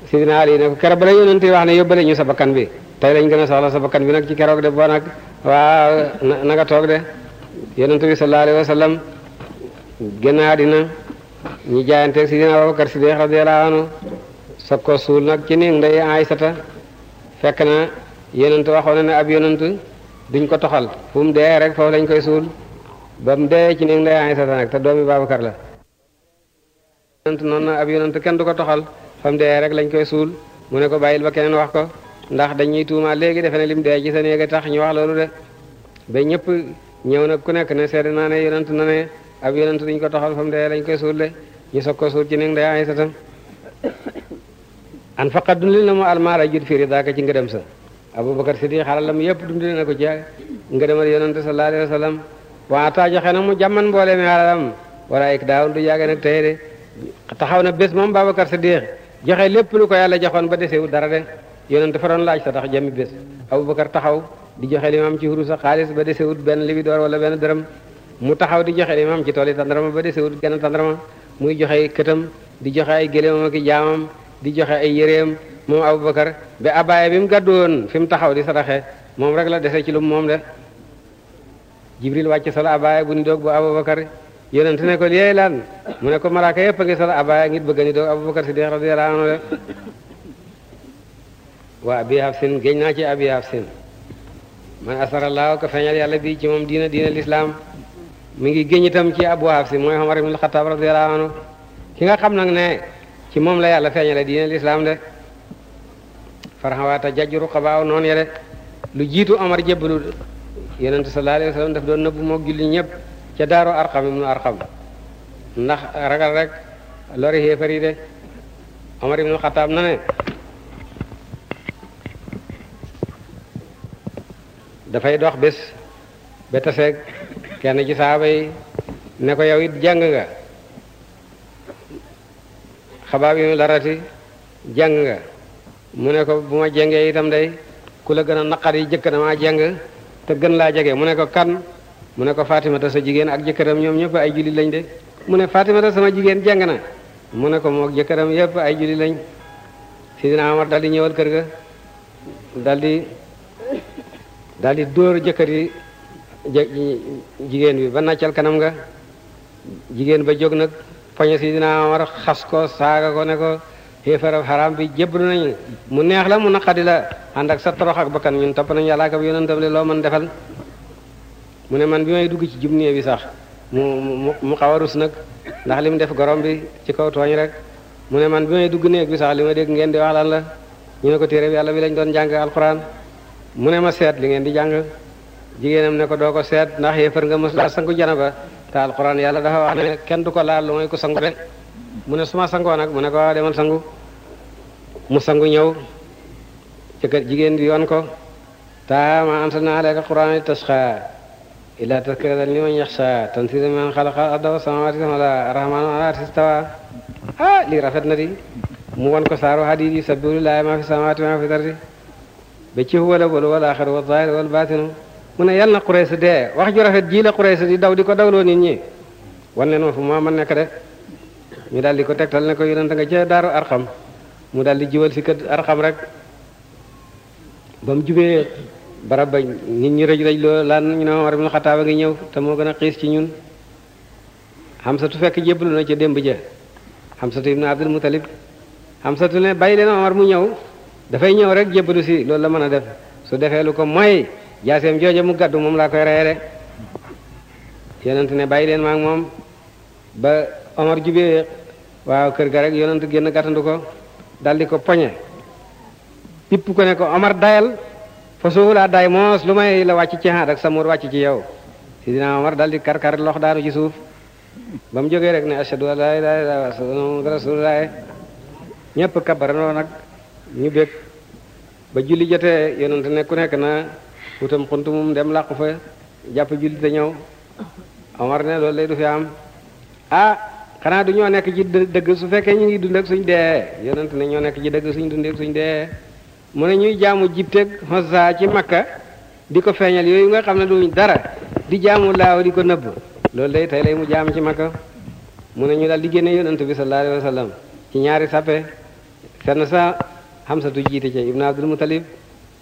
sidina Ali ne ko keroog bala yonent wax ne yóbbale ñu sa bakkan bi tey lañ gën a soxla sa bakkan bi nag ci keroog de boo nag waa na nga toog de yonent bi sallallahu alayhi wa sallam génn àddina ñu jaayante sidina Abubakar Siddiq radiyallahu anhu soog ko suul nag ci néeg ndey Aysata fekk na yonent waxoon na ne ab yonent duñ ko toxal fu mu dee rek foofu lañ koy suul ba mu ci néeg ndey Aysata nag te doomi Babacar la yonent noonu na ab yonent kenn du ko toxal fa mu dee rek lañ koy suul mu ne ko bàyyil ba keneen wax ko ndax dañuy tuumaa léegi defe ne lim dee ci sa néega tax ñu wax loolu de ba ñëpp ñëw nag ku nekk ne seede naa ne yonent na ne ab yonent duñ ko toxal fa mu lañ koy suul ñu soog ko suul ci nekk ndey Aysata an faqat dundil na mu almaala jut firi daaka ci ngërëm sa Abubakar Siddiq xalalam yëpp dundil na ko ci ngërëmal yonent sallallahu alayhi wa sallam waa taa joxe nag mu jàmman mboole mi xalalam wala ik daawul du yàgg nag tey de taxaw na bés moom Babacar Siddiq joxe lépp lu ko yàlla joxoon ba desewul dara de yonent fa doon laaj sa tax jëmmi bés Abubakar taxaw di joxe limam ci huru sax xaalis ba desewut benn libidoor wala benn dërëm mu taxaw di joxe limam ci tooli tandarama ba desewut genn tandarama muy joxe këtam di joxe ay gëléemam ak jaamam di joxe ay yëreem moom Aboubacar ba abaaya bi mu gàddoon fi mu taxaw di saraxe moom rek la dese ci lu moom de jibril wàcc solo abaaya bu ni doog bu Aboubacar yonent ne ko liyey lan mu ne ko malaaka yëpp ngi solo abaaya ngit bëgg ni doog Aboubacar si radiyallahu anhu de waa abi Hafsin géñ naa ci abi Hafsin man asarallahu ko feeñal yàlla bii ci moom diina diina lislaam mi ngi génn itam ci Abu Hafs mooy Umar ibn al-Khattab radiyallahu anhu ki nga xam nag ne ci moom la yàlla feeñale diina lislaam de farxawaata jajjuru xabaaw noonu ya de lu jiitu Omar jébbalu yonente sallallahu alayhi wa sallam daf ndax ragal rek lori xéefar de Omar ibn al-Khattab na ne dafay dox bés ba taseeg kenn ci saaba yi ne ko yow it jàng nga xabaab yu larati jàng nga mu ne ko bu ma jàngee itam day ku la gën a naqar yi jëkk damaa jàng te gën laa jege mu ne ko kan mu ne ko Fatimata sa jigéen ak jëkkëram ñoom ñëpp ay julli lañ de mu ne Fatimata sama jigéen jàng na mu ne ko moog jëkkënam yépp ay julli lañ Sidina Omar dal di ñëwal kër ga dal daal di dóor jëkkër yi jigéen bi ba nàccal kanam nga jigéen ba jóg nag poñe si dinaa war xas ko saaga ko ne ko xéefarab xaraam bi jébbalu nañu mu neex la mu naqadi la ànd ak sa torox ak bakkan ñun topp nañu yàlla ak ab yonentam loo mën defal mu ne man bi may dugg ci jumnee bi sax mu mu mu xaw a rus nag ndax li mu def gorom bi ci kaw tooñ rek mu ne man bi may dugg néeg bi sax li ma dégg ngeen di wax lan la ñu ne ko téere bi yàlla bi lañ doon jàng alquran mu ne ma seet li ngeen di jàng jigéenam ne ko doo ko seet ndax yéefar nga mos sangu janaba te alxuraan yàlla dafa wax ne kenn du ko laal lu may ko sangu rek mu ne suma sangoo nag mu ne ko waaw demal sangu mu sangu ñëw ci kër jigéen bi yoon ko taama anzalna alayka alxuraan litasqa illaa tazkiratan liman yaxsha tanziilan mimman xalaqa arda wa samaawaati wala arrahmaanu ala arshi stawaa ah lii rafet na di mu won ko saaru hadiid yi sabbihu fi samaawaati maa ba ci wala wala wala axar wa zahir wal batinu mu ne yal na Quraysh dee wax ju rafet ji la Quraysh di daw di ko dawloo nit ñi wan leen ma fu ma mën nekk de ñu daal di ko tegtal ne ko yonent nga ca daaru arxam mu daal di jiwal si kër arxam rek ba mu jubee barab ba nit ñi rëj rëj loo laan ñu ne Omar ibn Xataab a ngi ñëw te moo gën a xiis ci ñun tu fekk jébbalu na ci démb ja Xamsatu ibn Abdul Mutalib Xamsatu ne bàyyi leen Omar mu ñëw dafay ñëw rek jébbalu si loolu la mën a def su defee lu ko mooy jaaseem jooja mu gàddu moom laa koy reye de yonent ne bàyyi leen ma moom ba Omar jubee waaw kër ga rek yonent génn gàttandu ko daldi ko poñe pipp ko ne ko Omar dayal fasuufu laa day moos lu may la wàcc ci xaat sa samur wàcc ci yow sidina Omar daldi karkar lox daanu ci suuf ba mu jógee rek ne ashhadu an laa ilaaha ñu bég ba julli jotee yonente ne ku nekk na wutam xunt mum dem làqu fa jàpp julli te ñëw Omar ne loolu lay du fi am ah xanaa du ñoo nekk ci dëgg su fekkee ñu ngi dund suñ dee yonente ne ñoo nekk ci dëgg suñ dund suñ dee mu ne ñuy jaamu jibteeg xosa ci makka di ko feeñal yooyu nga xam ne duñ dara di jaamu laaw di ko nëbb loolu day tey lay mu jaam ci makka mu ne ñu daal di génne yonent bi sallallahu alayhi wa sallam ci ñaari sappe fenn sa Hamsatu jiite ca ibnu Abdul Mutalib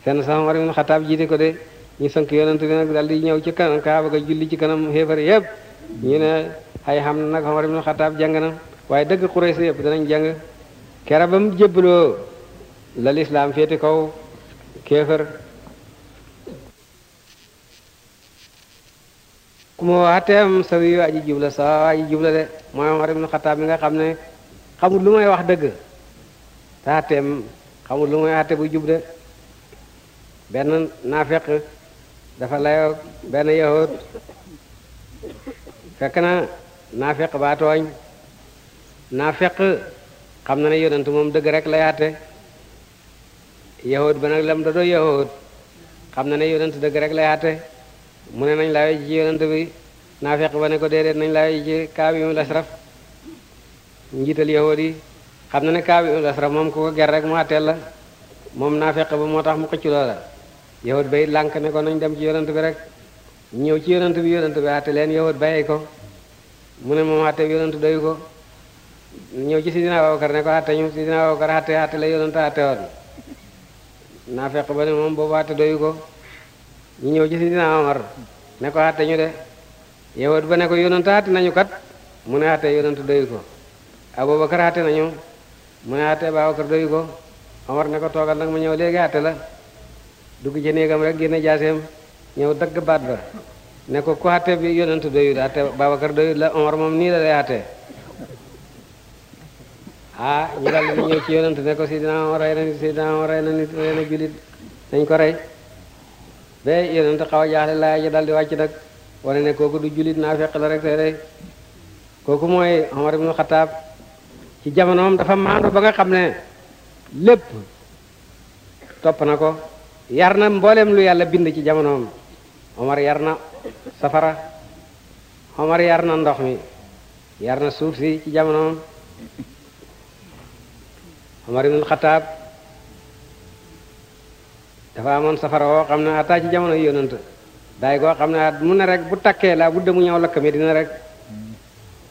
fenn sax Umar ibnu Xataab jiite ko de ñu sank yonent bi nag dal di ñëw ci kanam Kaaba ga julli ci kanam xéefar yëpp ñu ne ay xam na nag Umar ibnu Xataab jàng na waaye dëgg Quraysh yëpp danañ jàng kera ba mu jébbaloo la lislaam féete kaw kéefar ku ma waateem sa wi waa jubla sa waa jubla de mooy Umar ibnu Xataab mi nga xam ne xamul lu may wax dëgg taateem xamul lu muy àtte bu jub de benn naafeq dafa layoo benn yahud fekk na naafeq baa tooñ naafeq xam na ne yonent moom dëgg rek lay àtte yahud ba nag lam da doo yahud xam na ne yonent dëgg rek lay àtte mu ne nañ laayoo ji ci yonent bi naafeq ba ne ko déedéet nañ laayoo ji ci kaab yi mu lasraf njiital yahud yi xam na ne Kaabul Asra moom ku ko ger rek mu àtteel la moom naa feq ba moo tax mu xëcc loola yahut bay lànk ne ko nañ dem ci yonent bi rek ñëw ci yonent bi yonent leen yahut bàyyi ko ne moom àtte yonent doyu ko ñëw la yonent àtte woon naa feq ba ne moom boobu àtte doyu ci Sidina Omar ne ko àtte ñu de yahut ba ne ko yonent nañu kat mu ne àtte yonent doyu ko Abubakar àtte nañu mu ne àtte Baabakar doyu ko Omar ne ko toogal nag ma ñëw léegi àtte la dugg ci néegam rek génne jaaseem ñëw dagg baat ba ne ko ku àtte bi yonent doyut àtte Baabakar doyut la Omar moom nii la lay àtte ah ñu dal di ñëw ci yonent ne ko Sidina Omar rey na na nit rey na jullit nañ ko rey ba yonent xaw a jaaxle laaya ji dal di wàcc nag wane ne kooku du jullit naa fekk la rek tey de kooku mooy Omar ibnu Xataab ci jamonoom dafa maandu ba nga xam ne lépp topp na ko yar na mbooleem lu yàlla bind ci jamonoom Omar yar na safara Omar yar na ndox mi yar na suuf si ci jamonoom Omar ibnul Xataab dafa amoon safara woo xam ne ataa ci jamono yonant daay goo xam ne at mu na rek bu takkee laa budde mu ñëw lakk mi dina rek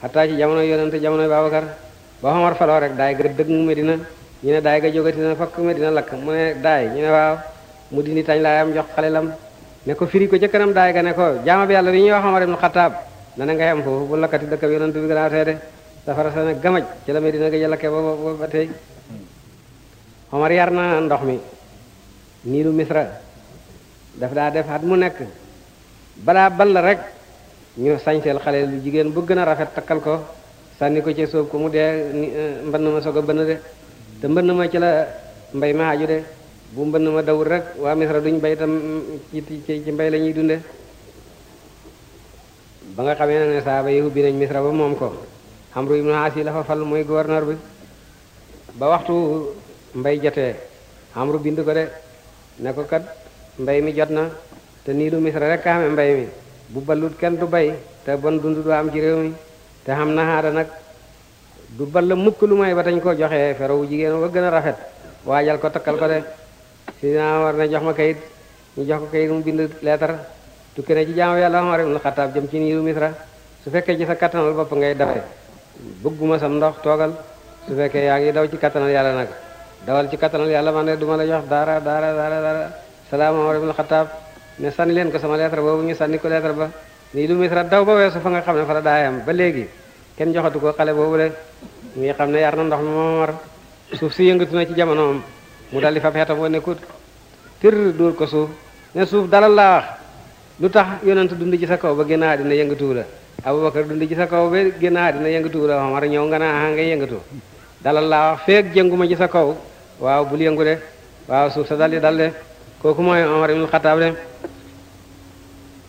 ataa ci jamono yonant jamono Babacar ba Omar faloo rek daay ga dëgg Medina ñu ne daay ga jógati na fakk dina lakk mu ne daay ñu ne waaw mu dindi tañ laayam jox xalelam ne ko firi ko ca daay ga ko jaama bi yàlla li ñuy wax Omar ibn Xattaab na ne nga yem foofu bu lakkati dëkk bi yonent bi gannaaw de safara sa ne gamaj ci la Medina ga lakke ba ba ba yar na ndox mi niilu misra daf daa def at mu nekk balaa la rek ñu sañseel xale lu jigéen bu gën a rafet takkal ko sànni ko ci soob ko mu dee eh, mbënn ma soog a bënn de te mbënn ma ci la mbay ma aju de bu mbënn ma dawul rek waa misra duñ bay tam ci ci mbay la ñuy dunde ba nga xamee ne saaba yi ubbi nañ misra ba moom ko Amru ibnu Aas la fa fal mooy gouverneur bi ba waxtu mbay jotee Amru bind ko de ne ko kat mbay mi jot na te nii lu misra rek ka amee mbay mi bu ballut kenn du bay te bon dund du am ci réew mi te xam na xaada nag du la mukk lu may ba tañ ko joxee ferawu jigéen ba gën a rafet waajal ko takkal ko de si war ne jox ma kayit ñu jox ko kayit mu bind leetar tukki ne ci jaamu yàlla Umar ibn Xattaab jëm ci niiru Misra su fekkee ci sa kattanal bopp ngay dawee bëgguma sam ndox toogal su fekkee yaa ngi daw ci kattanal yàlla nag dawal ci kattanal yàlla ma de du ma la jox daara dara dara dara salaam Umar ibn Xattaab ne sànni leen ko sama leetar boobu ñu sànni ko leetar ba nii du misra daw ba weesu fa nga xam ne fa la daayam ba léegi kenn joxatu ko xale boobu de muy xam ne yar na ndox ma war suuf si yëngatu na ci jamonoom mu daldi fa xeetam wa nekkut tër dóor ko suuf ne suuf dalal laa wax lu tax yonent dund ci sa kaw ba génn àddina yëngatuwu la Abubakar dund ci sa kaw ba génn àddina yëngatuwu la Omar ñëw nga naa nga yëngatu dalal laa wax feeg jënguma ci sa kaw waaw bul yëngu de waaw suuf sa daldi dal de kooku mooy Omar ibn Xattaab de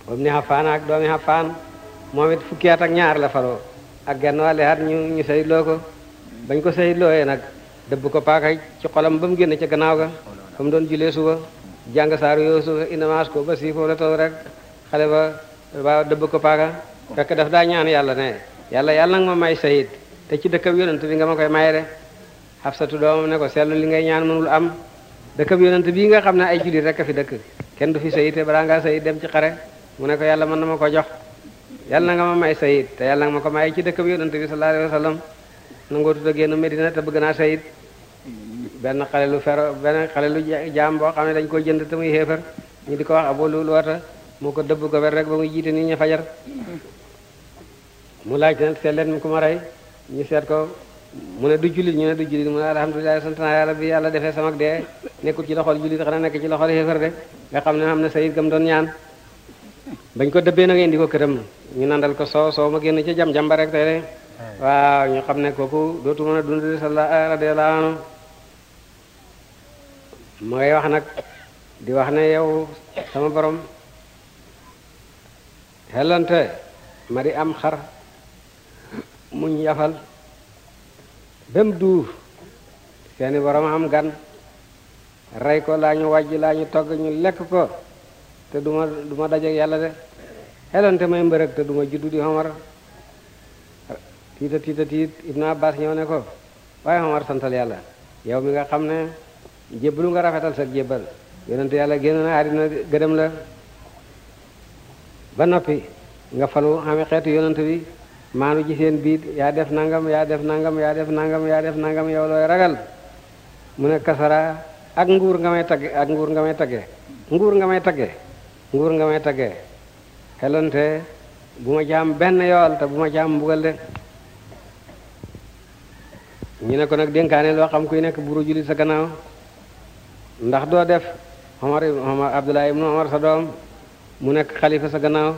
wam ni xafaan ak doomi xafaan moom it fukki at ak ñaar la faroo ak genn wàlli at ñu ñu sayidloo ko bañ ko sayidlooyee nag dëbb ko paaka ci xolam ba mu génne ca gannaaw ga doon julee suba jàng saaru yoosufa inamaas ko ba si foofu la taw rek xale ba ba dëbb ko paaka fekk daf daa ñaan yàlla ne yàlla yàlla nag ma may sayid te ci dëkkab yonent bi nga ma koy maye de xafsatu doomam ne ko seetlu li ngay ñaan mënul am dëkkab yonent bii nga xam ne ay jullit rek a fi dëkk kenn du fi sayite balaa ngaa sayit dem ci xare mu ne ko yàlla mën na ma ko jox yàlla na nga ma may sayid te yàlla nga ma ko may ci dëkk bi yonent bi sallallahu alayhi wa sallam nangoo tudd a génn Medina te bëgg naa sayid xale lu fer benn xale lu jaam boo xam ne dañ ko jënd te muy xéefar ñu di ko wax abo lu wata mu ko dëbb ko ber rek ba muy jiite nit ñi fajar mu laaj ne seet leen ku ma rey ñu seet ko mu ne du jullit ñu ne du jullit mu ne alhamdulilah sant yàlla bi yàlla defee sama dee nekkul ci loxol jullit xanaa nekk ci loxol xéefar de nga xam ne am na sayid gam doon ñaan bañ ko dëbbee nag indi ko këram ñu nandal ko soow soow ma génn ci jam jamba rek tey de waaw ñu xam ne kooku dootu mën a dund sala ah, radiallahu anhu ma ngay wax nag di wax ne yow sama borom xelante ma di am xar muñ yafal bem duuf seeni borom am gan rey ko laa ñu wàjj laa ñu togg ñu lekk ko te du ma du ma dajeeg yàlla de xelonte may mbërëg te du ma juddu di xomar tiita tiita tiit Ibnu Abbas ñëw ne ko waaye xomar santal yàlla yow mi nga xam ne jébbalu nga rafetal sa jébbal yonente yàlla génn na àddina gërëm la ba noppi nga falu xame xeetu yonente bi maanu ci seen biit yaa def nangam yaa def nangam yaa def nangam yaa def nangam yow looy ragal mu ne kasara ak nguur nga may tagge ak nguur nga may tagge nguur nga may tagge nguur nga may taggee xelonte bu ma jaam benn yool te bu ma jaam mbugal de ñu ne ko nag dénkaane loo xam kuy nekk buru julli sa gannaaw ndax doo def Omar Omar Abdoulaye ibnu Omar sa doom mu nekk xalifa sa gannaaw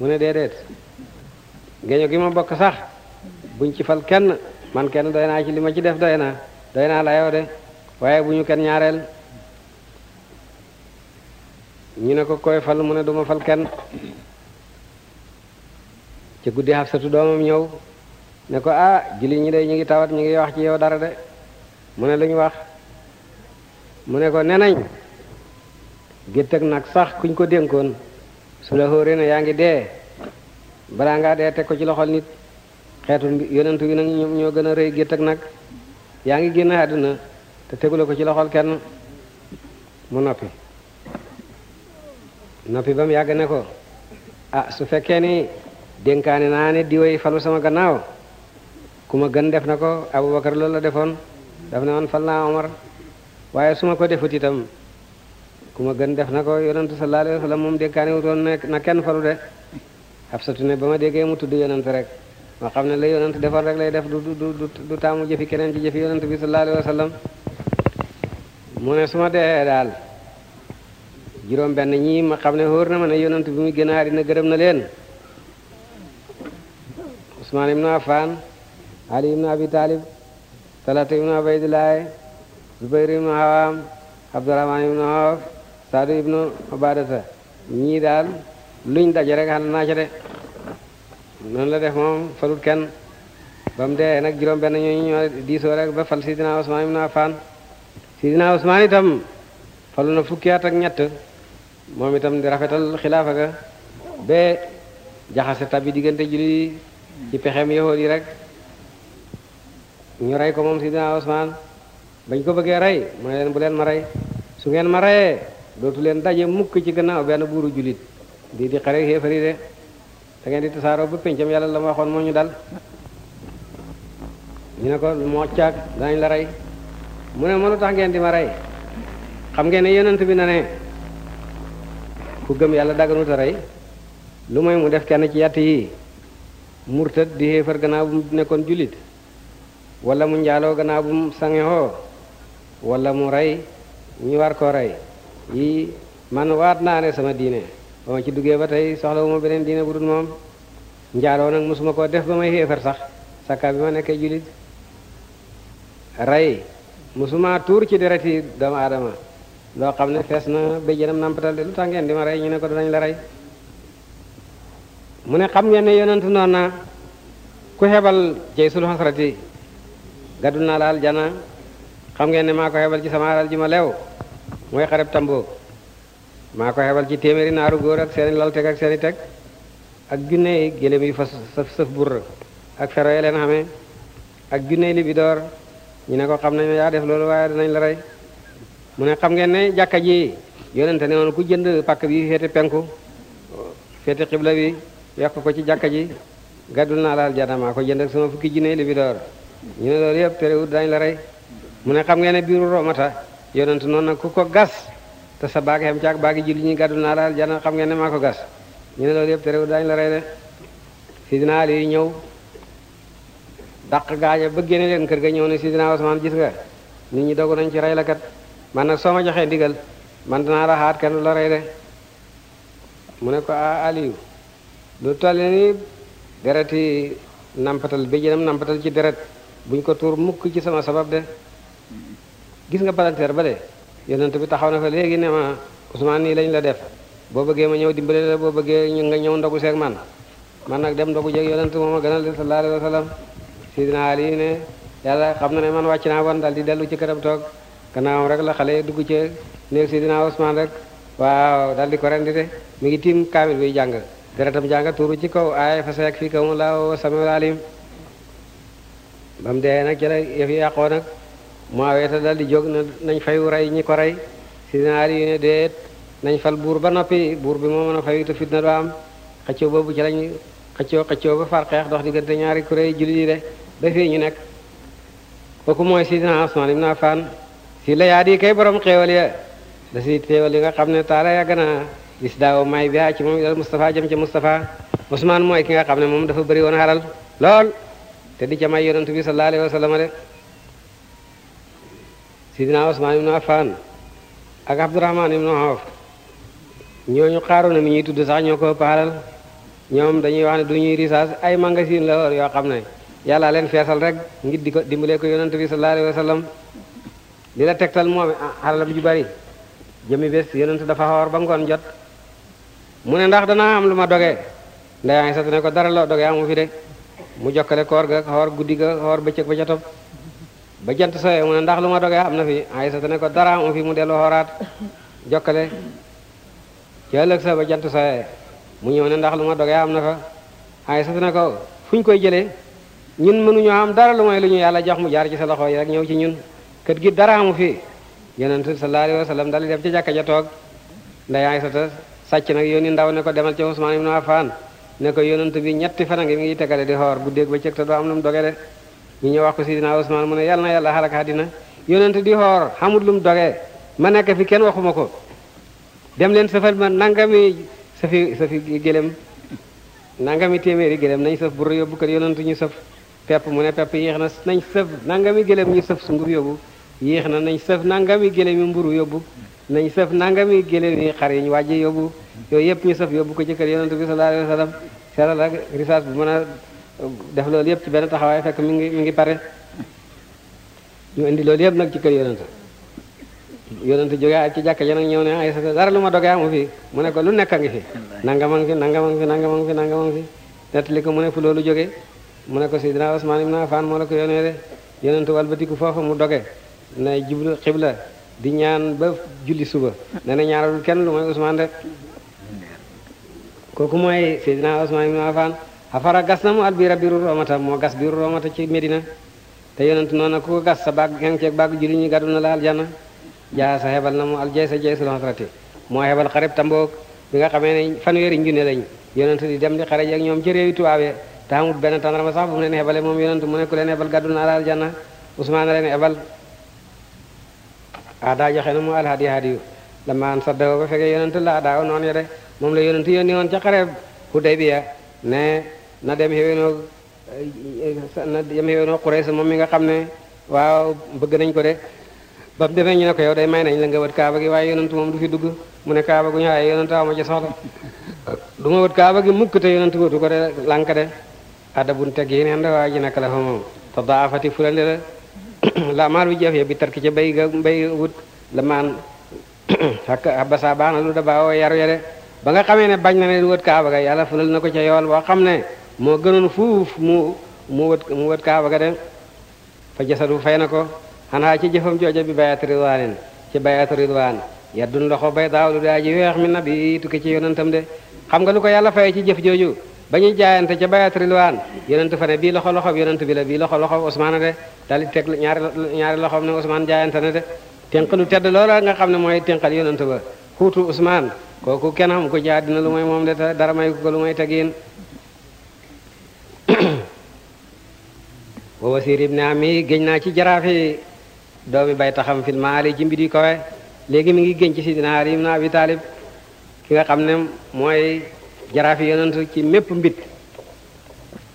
mu ne déedéet géño gi ma bokk sax buñ ci fal kenn man kenn doy naa ci li ma ci def doy naa doy naa la de waaye bu ñu kenn ñaareel ñu ne ko koy fal mu ne duma fal kenn ci guddi Xafsatu doomam ñëw ne ko ah julli ñi day ñu ngi tawat ñu ngi wax ci yow dara de mu ne lu ñu wax mu ne ko nee nañ gétt ak nag sax kuñ ko dénkoon su la xóoree ne yaa ngi dee balaa ngaa dee teg ko ci loxol nit xeetu yonentu bi nag ñoom ñoo gën a rëy gétt ak nag yaa ngi génn àdduna te tegule ko ci loxol kenn mu noppi noppi ba mu yàgg ne ko ah su fekkee ni dénkaane naa ne diwoy falu sama gannaaw ku ma gën def na ko Abubakar loolu la defoon daf ne woon fal naa Omar waaye su ma ko defut itam ku ma gën def na ko yonentu sallallahu alayhi wa sallam moom dénkaane wutoon ne na kenn falu de Hafsatu ne ba ma déggee mu tudd yonent rek ma xam ne la yonent defoon rek lay def du du du du taamu keneen ci jëfi yonent bi sallallahu alayhi wa sallam mu ne dee daal juróom benn ñii ma xam ne wóor na ma ne yonent bi muy gën a àddina gërëm na leen Usmaan ibn Affan Ali ibn Abi Talib Talata ibn Ubaydillah Zubayr ibn Awam Abdurrahman ibn Awf Saadu ibn Ubadata ñii daal luñ daje rek ànd naa ca de noonu la def moom falut kenn ba dee nag juróom benn ñooñu ñoo diisoo rek ba fal Sidina Usmaan ibn Affan Sidina Usmaan itam falu na fukki at ñett moom itam di rafetal xilaafa ga ba jaxase tabbi diggante julli ci pexem yahood yi rek ñu rey ko moom sidina Usmaan bañ ko bëggee rey mu ne leen bu leen ma rey su ngeen ma reyee dootu leen daje mukk ci gannaaw benn buuru jullit di di xare yi de da ngeen di tasaaroo ba péncam la ma waxoon moo ñu dal ñu ne ko moo caag danañ la rey mu ne mënu tax ngeen di ma rey xam ngeen ne yonent bi na ne ku gëm yàlla daganut a rey lu mooy mu def kenn ci yàtt yi murtad di xéefar gannaaw nekkoon jullit wala mu njaaloo gannaaw bu mu wala mu rey ñu war ko rey yi man waat naa ne sama diine ba ma ci duggee ba tey soxla wu ma beneen diine bu dul moom njaaloo nag mosuma koo def ba may xéefar sax sakka bi ma nekkee jullit rey mosuma tuur ci dereti doomu aadama loo xam ne fees na béjjënam nampatal de lu tax ngeen di ma rey ñu ne ko danañ la mu ne xam ngeen ne yonentu noon na ku xebal jay sul xasrati naa laal jana xam ngeen ne maa ko xebal ci sama ji ma lew mooy xareb tambo maa ko xebal ci téeméeri naaru góor ak seeni lal teg ak seeni teg ak junne gélém yu fa sëf sëf burr ak feroye leen xamee ak junne libidoor ñu ne ko xam nañ ne yaa def loolu waaye danañ la rey mu ne xam ngeen ne jàkka ji yonente ne woon ku jënd pàkk bi féete penku féete xibla bi yokk ko ci jàkka ji gàddul naa laal jana maa ko jënd ak sama fukki jinne li bi door ñu ne loolu yëpp terewut dañ la rey mu ne xam ngeen ne biiru romata yonent noon nag ku ko gas te sa baagi xam caag baagi julli ñuy gàddul naa laal jana xam ngeen ne maa ko gas ñu ne loolu yëpp terewut dañ la rey de sidina Ali ñëw dàq gaaña ba génne leen kër ga ñëw ne sidina Usmaan gis nga nit ñi dogu nañ ci rey la man nag soo ma joxee ndigal man danaa raxaat kenn la rey de mu ne ko a Aliou lu toll ni dereti nampatal béjjénam nampatal ci deret buñ ko tuur mukk ci sama sabab de gis nga palanteer ba de yonent bi taxaw na fa léegi ne ma Ousmane nii lañ la def boo bëggee ma ñëw dimbale la boo bëggee ñu nga ñëw ndogu seek man man nag dem ndogu jeg yonent moom a gënal de sallallahu alayhi wa sallam sidina Ali ne yàlla xam na ne man wàcc naa woon daal di dellu ci këram toog gannaawam rek la xale dugg ca néeg si dinaa rek waaw daal di ko rendi de mu ngi tiim kaamil buy jàng deretam jàng tuuru ci kaw aay fa seek fii kaw laaw samiul alim ba mu dee nag jëla yëf yi yàqoo nag Muawiya daal di jóg nañ fayu rey ñi ko rey sidina Ali buur ba noppi buur bi moo mën a fayu boobu ci lañ xëccoo ba far xeex dox diggante ñaari kuréel ñu nekk kooku mooy sidina si la yaa di kay borom xéewal ya da si xéewal nga xam ne taala yàgg naa gis daaw may bi ci moom ilal Moustapha jëm mooy ki nga xam ne moom dafa bëri woon xaral lool te di ca may yonent bi sallallahu alayhi wa sallam de sidina Ousmane ñuy tudd sax ñoo ñoom dañuy wax ne du ñuy risaas ay magasin la yoo xam ne yàlla leen feesal rek ngir di ko dimbalee ko yonent bi sallallahu alayhi wa li la tegtal moom alalam ju bari jëmi bés yonentu dafa xoor ba ngoon jot mu ne ndax danaa am lu ma doge ndeyaay satu ne ko dara loo dogee amu fi de mu jokkale koor ga xoor guddi ga xoor bëccëg ba ca topp ba jant sooyee mu ne ndax lu ma dogee am na fi Aysata ne ko dara amu fi mu dellu xoraat jokkale ci ëllëg sa ba jant sooyee mu ñëw ne ndax lu ma dogee am na fa Aysata ne ko fu koy jëlee ñun mënuñoo am dara lu mooy lu ñu yàlla jox mu jaar ci sa loxo yi rek ñëw ci ñun kër gi dara amu fi yonent sa alayhi wa sallam dal di dem ci jàkka ja toog ndey Aysata sàcc nag yónni ndaw ne ko demal ci Usmaan ibn Affaan ne ko yonent bi ñetti fan a ngi ngi tegale di xoor guddeeg ba cëg te doo am lu doge de ñu ñëw wax ko si sidina Usmaan mu ne yàlla na yàlla xalak àddina yonent di xoor xamut lu mu doge ma nekk fi kenn waxuma ko dem leen safal ma nangami safi safi gélém nangami téeméeri gélém nañ saf bur yóbbu kër yonent ñu sëf pepp mu ne pepp yéex na nañ sëf nangami gélém ñu sëf sunguf yóbbu yéex na nañ sëf nangami gélém yi mburu yóbbu nañ sëf nangami gélém yi xar yi ñu wàjje yóbbu yooyu yëpp ñu sëf yóbbu ko jëkkër kër yonent bi sallallahu alayhi bi mën a def loolu yëpp ci taxawaay fekk mi ngi mi ngi pare indi loolu yëpp nag ci kër yonent yonent jógee ci jàkk ja nag ñëw ne ay sa dara lu ma dogee mu ne ko lu nekk a ngi fi nangamang fi nangamang fi nangamang fi ko mu ne fu loolu jógee mu ne ko Seydina Usmaan ibn Affaan moo la ko yónnee de yonent walbatiku foofu mu doge na jublu xibla di ñaan ba julli suba dana ñaanalul kenn lu mooy Ousmane rek kooku mooy Seydina Ousmane ibn a afara gas na mu at biira biiru roomata moo gas biiru roomata ci Medina te yonent noonu ku ko gas sa baag xeng ceeg baagu julli ñu gàddu na la aljanna jaa sa xebal na mu al jay sa jay sul xasrati moo xebal xareb tamboog bi nga xamee ne fanweeri njune lañ yonent di dem di xare ak ñoom ci réewi tubaabee te amul benn tandarma sax bu mu ne ku leen xebal gàddu na la aljanna aadaa joxe na mu alhadi hadiyu lamaan saddawo ba fekkee yonent la adaaw noonu ya de moom la yonent yónni woon ca xareb Hudaybiya ne na dem xéwénoo eh, na dem xéwénoo Quraysh moom mi nga xam ne waaw bëgg nañ ko de ba mu demee ñu ne ko yow day may nañ la nga wët kaaba gi waaye yonent moom du fi dugg mu ne kaaba gu ñu waaye yonent aw ma ci soxla du ma wët kaaba gi mukk te yonent wëtu ko de lànk de adabun teg yi neen da waa ji naka la fa moom te daafati la la maal wi jëf ya bi tarki ca bay ga bay wut la maan xakk abasa baax na lu da baa oo yaru ya de ba nga xamee ne bañ na ne wët kaaba ga yàlla fulal na ko ca yool boo xam ne moo gënoon fuuf mu mu wët mu wët kaaba ga de fa jasadu fay na ko xanaa ci jëfam jooja bi bayat ridwaanin ci bayat ridwaan yaddun loxo bay daaw lu daa ji weex mi na bi tukki ci yonentam de xam nga lu ko yàlla fay ci jëf jooju ba ñuy jaayante ca bayat rilwaan yonent fa ne bii loxo loxo yonent bi la bii loxo loxo Ousmane de daal di teg ñaari ñaari loxoom ne Ousmane na de tenq lu tedd loola nga xam ne mooy tenqal yonent ba xuutu Ousmane kooku kenn xam ko jaa dina lu mooy moom de dara may ko lu mooy tegin wa wasiir ibn ami géñ naa ci jaraafi doomi bay taxam fil maali ci mbiri kowe léegi mi ngi géñ ci sidina Ali ibn Abi Talib ki nga xam ne mooy jaraafi yonentu ci mépp mbit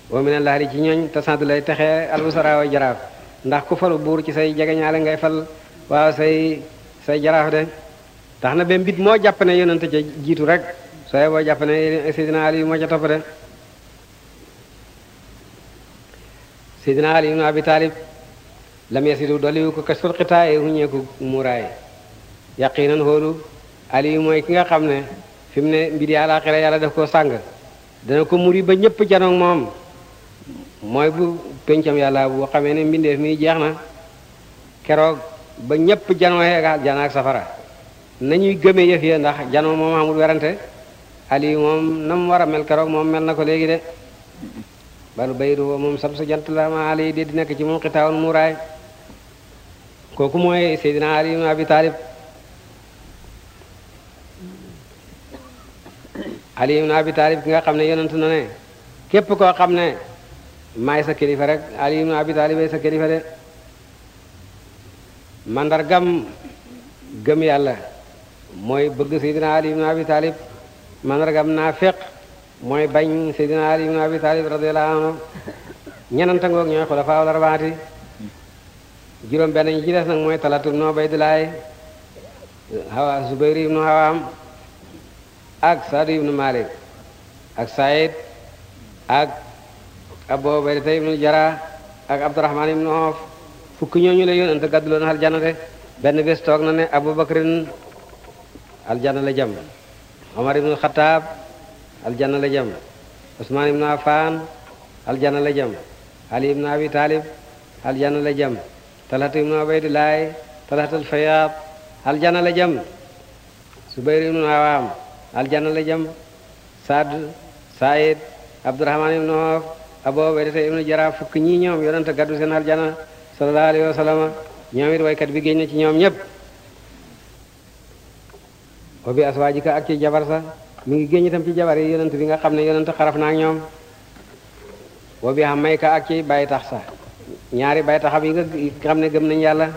wa min allahi ci ñooñ te sant lay texee albusaraa way jaraaf ndax ku falu buur ci say jegeñaale ngay fal waaw say jaraaf de tax na ba mbit moo jàpp ne ca jiitu rek sooy boo jàpp ne na Ali moo ca topp de Seydina Ali ibn Abi Talib lam yasidu doliwu ko kasful xitaayi huñeeku muuraay yaqinan xoolu Ali mooy ki nga xam ne fi mu ne mbir yi àllaaxira yàlla def koo sàng dana ko muri ba ñëpp janoog moom mooy bu pencam yàlla bu xamee ne mbindeef mi jeex na keroog ba ñëpp janoo ak ak safara na ñuy yëf ya ndax janoo moom amul werante ali moom na mu war a mel keroog moom mel na ko léegi de balu bayru moom sam sa jant la ma ali de di nekk ci moom xitaawoon muuraay kooku mooy Seydina Ali ibn Abi Talib ali ibn abi ki nga xam ne yonentu na ne képp koo xam ne maay sa kilifa rek ali ibn abi taalib ay sa kilifa de mandargam gëm yàlla mooy bëgg seydina ali ibn abi mandargam naafiq mooy bañ seydina ali ibn abi taalib radiyallahu anhu ñenanta ngoog ñooy xulafaa wala rabaati juróom benn ci des nag mooy talatu ibn ubaydillaay hawa zubayr ibn hawaam ak Saad ibnu Malik ak Saïd ak Abu Ubaydata ibnu Jara ak Abdurahman ibnu Awf fukki ñooñu la yonent gàddu loon aljana de benn bés toog na ne Abu Bakrin aljana la jëm Omar ibnu Xataab aljana la jëm Usmaan ibnu Affaan aljana la jëm Ali ibnu Abi Taalib aljana la jëm Talhatu ibnu Ubaydillaay Talhatul Fayaad aljana la jëm Subayr ibnu Awaam aljanna la jëm Saad Saïd Abdurahman ibnu Awf Abu Ubaydata ibnu Jarrah fukk ñii ñoom yonent gàddu seen aljanna sallallahu alayhi wa sallam ñoom it waykat bi géñ na ci ñoom ñëpp wa bi aswaajika ak ci jabar sa mi ngi géñ itam ci jabar yi yonent bi nga xam ne yonent xaraf na ak ñoom wa bi hamayka ak ci bàyyi tax sa ñaari bay taxam yi nga xam ne gëm nañ yàlla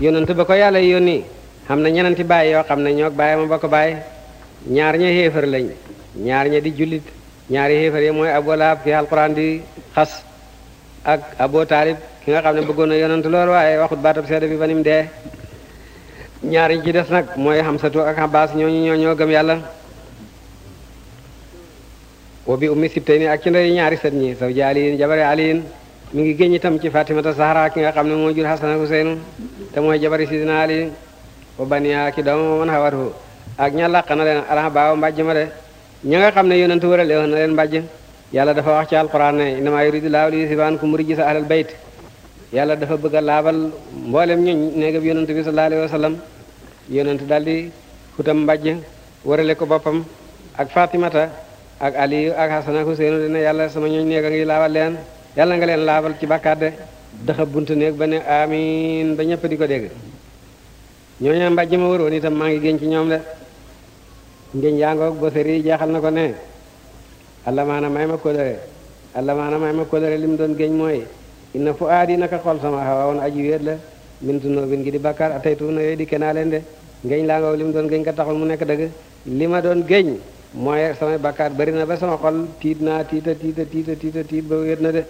yonent ba ko yàlla yónni xam na ñenanti bàyyi yoo xam ne ñoo bàyyi ma ba ko bàyyi ñaar ña xéefar lañ ñaar ña di jullit ñaari xéefar yi mooy Abu Lahab fi di xas ak Abu Taalib ki nga xam ne bëggoon na yonent lool waaye waxut baatab seede bi ba nim dee ñaar ñi ci des nag mooy Xamsatu ak Abbas ñooñu ñoo ñoo gëm yàlla wa bi ummi sibtay ni ak ci ndey ñaari sët ñi saw ji aliin jabari aliin mi ngi génn itam ci Fatimata Zahra ki nga xam ne moo jur Hasan ak Huseynu te mooy jabari sidina Ali wa baniya ki doomam man xawatu ak ña làq na leen ala baaw mbàjj ma de ña nga xam ne yonentu wërale woon na leen mbàjj yàlla dafa wax ci alquran ne innama yuridu laahu li yusibbankum rijsa ahlal bayt yàlla dafa bëgg a laabal mboolem ñuñ néegab yonent bi sallallahu alayhi wa sallam yonent daal di xutam mbàjj wërale ko boppam ak fatimata ak aliyu ak hasan ak huseenu dina yàlla sama ñooñ néeg a ngi laabal leen yàlla nga leen laabal ci bàkkaat de daxa bunt néeg ba ne amin ba ñëpp di maa ngi génn ci ñoom ngeen yaangoog Boseri jaaxal na ko ne allah maana may ma kóllëre allah maana may ma kóllëre li mu doon géñ mooy na fu aadi naka xol sama xawa woon aji wéet la min tunóobin ngi di bàkkaar atay tuuna yooyu di kenaa leen de ngéñ laa ngoog li doon géñ ka taxul mu nekk dëgg li ma doon géñ mooy samay bàkkaar bari na ba sama xol tiit naa tiita tiita tiita tiit ba wéet na de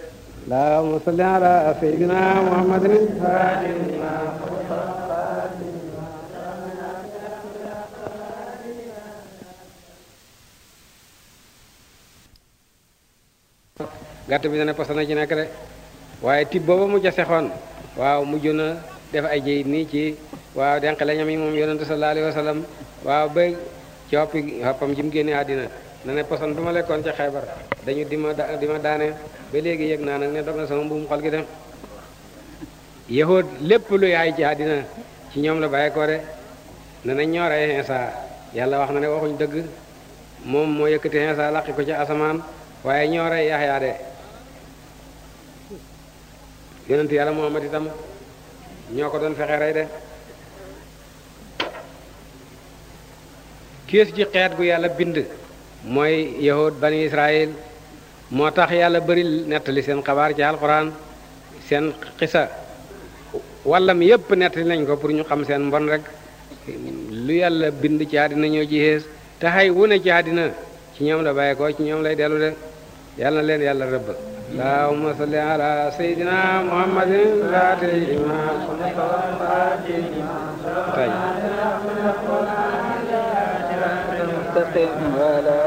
allahumma salli ala sayyidina muhammadin gàtt bi dana posana ci nekk de waaye tib booba mu jasexoon waaw mujj na def ay jëyit nii ci waaw denq la ñam yi moom yonentu sa alayhi wa sallam waaw ba ci hoppi hoppam ji mu génne àddina na poson bu ma lekkoon ca xeebar dañu di ma di ma daane ba léegi yëg naa nag ne dog na sama mbuum xol gi dem yahood lépp lu yaay ci àddina ci ñoom la bàyyi ko de ne nañ ñoo yàlla wax na ne waxuñ dëgg moom moo yëkkati Iisaa laqi ko ca asamaan waaye ñoo rey de yonent yàlla Muhammad itam ñoo ko doon fexe rey de kiis ji xeet gu yàlla bind mooy yahud bani israil moo tax yàlla bëri nettali seen xabaar ci alquran seen xisa wallam yépp nettali nañ ko pour ñu xam seen mbon rek lu yàlla bind ci àddina ñoo ci xees te xay wu ne ci àddina ci ñoom la bàyyi ko ci ñoom lay dellu de yàlla leen yàlla rëbb اللهم صل على سيدنا محمد الفاتح لما المستقيم وعلى